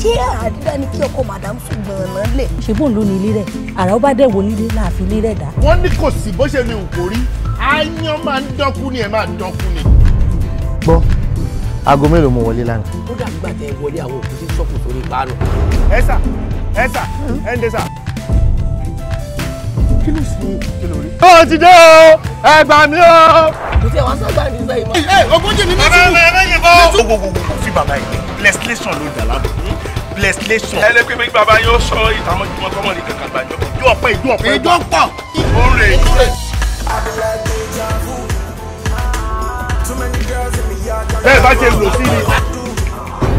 ṣé àdúrà ni kí ọkọ madam ṣùgbọ́n ọ̀nà lè. ṣe bóun ló ní ilé rẹ̀ àrà ó bá dẹ̀ wọ nílé láàfin ilé rẹ̀ dá. wọ́n ní kò sí bó ṣe ní òkò rí aáyán máa ń dọ́kú ni ẹ̀ máa ń dọ́kú ni. gbọ́ aago mélòó mo wọlé lánàá. ó dàgbà tẹ wọlé àwọn òkú sí ṣọ́ọ̀kù sórí paanu. ẹ sà ẹ sà ẹ ń dé sà kí ló sùn kí ló rí. ó ti dé o ẹ gbà mí o. kò tí ẹ wá sábà ní sẹ́yìn mọ́. ẹ eh, ogójì mi ní sùn. ẹ ẹ yìnbọn. gbogbogbò fi bàbá yìí lẹ blestation ló dà lábẹ blestation. ẹ lè pe mi bàbá yóò sọ ìtààmú ìjùmọ̀ kọ́mọ̀ ní kankan gbàjọ. ìjọ pẹ ìjọ pẹ. ìjọ pọ. ó ń rè é. bẹ́ẹ̀ bá ṣe lò sí ni.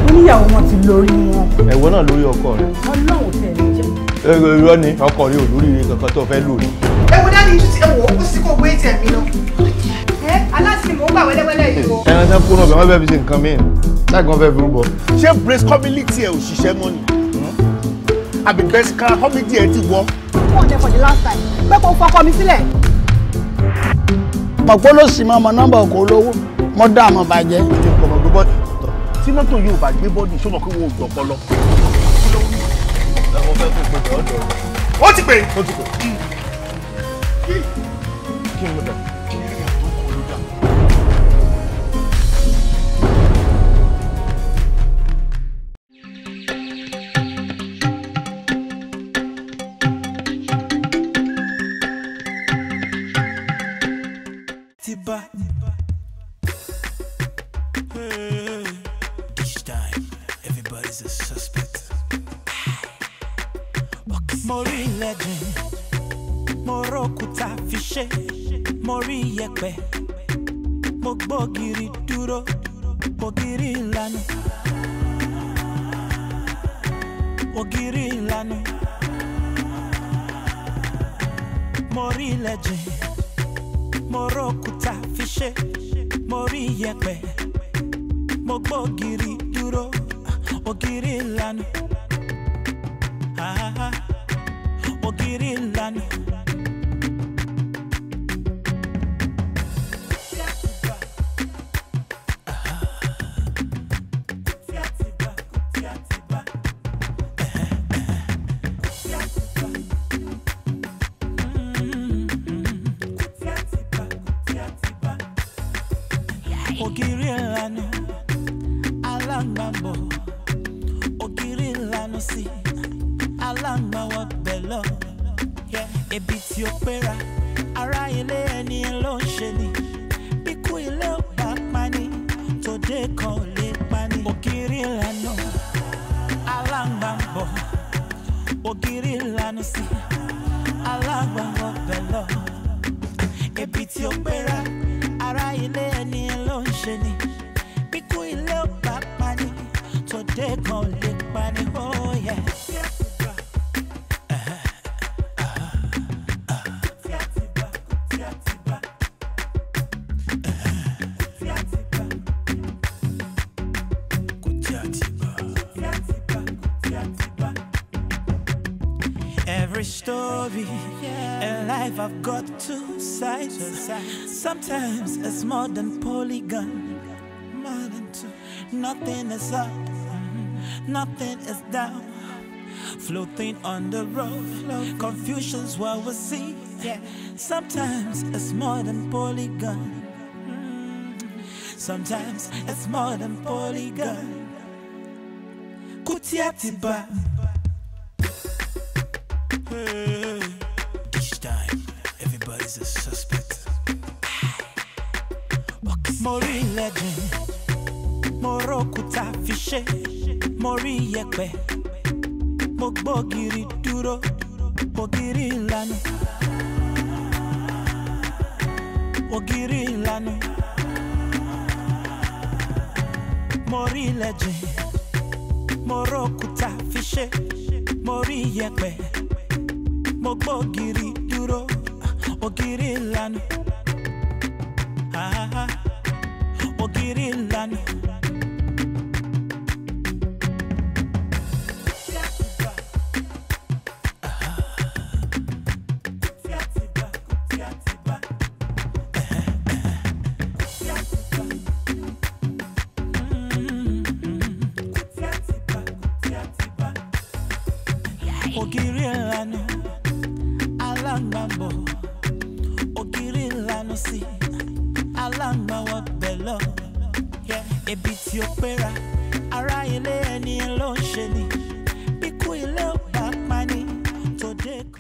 oníyàwó wọn ti lórí wọn. ẹ̀wọ̀n náà lórí ọkọ rẹ̀. ọlọ́run tẹ̀lé irọ́ ni ọkọ̀ rí olóríire kankan tó fẹ́ lò ní. ẹ wo dáàdi ju ti ẹ wọ ó sì kó gbé tiẹ̀ mi lọ. ẹ aláṣẹ mò ń bà wẹ́lẹ́wẹ́lẹ́ yìí o. ẹran tán kó náà bẹ wọn fẹẹ fi ṣe nǹkan míì láìpẹ́ fẹẹ fi rúbọ. ṣé brace community ẹ ò ṣiṣẹ́ mọ́ ni àbí bẹ́sì kan comedy ẹ ti wọ. fún ọ̀dẹ for the last time pé kò fọkọ mi sílẹ̀. mọ̀pọ́ ló sì máa mọ nọ́mbà ọkọ̀ olówó mọ́ dá àmọ́ bàjẹ́. tí mọ́tò yóò bá gbé bọ́dì sọ́mọ́ kí wọ́n ò gbọ́pọ́ lọ ó ti pè é. ó ti pè é. kí ni mo dọ̀. bísí aláǹgbá wọ bẹ̀lọ́ ebi tí ó pera ara ilé ẹni ló ń ṣe ni ikú ilé ò bá pani tòde kan ò lè pani ògiri lànà aláǹgbá ń bọ̀ ògiri lànà sí aláǹgbá wọ bẹ̀lọ́ ebi tí ó pera ara ilé ẹni ló ń ṣe ni. Sometimes it's more than polygon. More than two. Nothing is up, nothing is down. Floating on the road, confusion's what we see. Sometimes it's more than polygon. Sometimes it's more than polygon. Kutiatiba. Hey. time, everybody's a mo rí ilẹ̀dẹ̀ mo rókúta fi ṣe mo rí iyẹ̀pẹ̀ mo gbógiri dúró ògiri ìlànà ògiri ìlànà mo rí ilẹ̀dẹ̀ mo rókúta fi ṣe mo rí iyẹ̀pẹ̀ mo gbógiri dúró ògiri ìlànà. ah. ah, ah. Alhamdulillah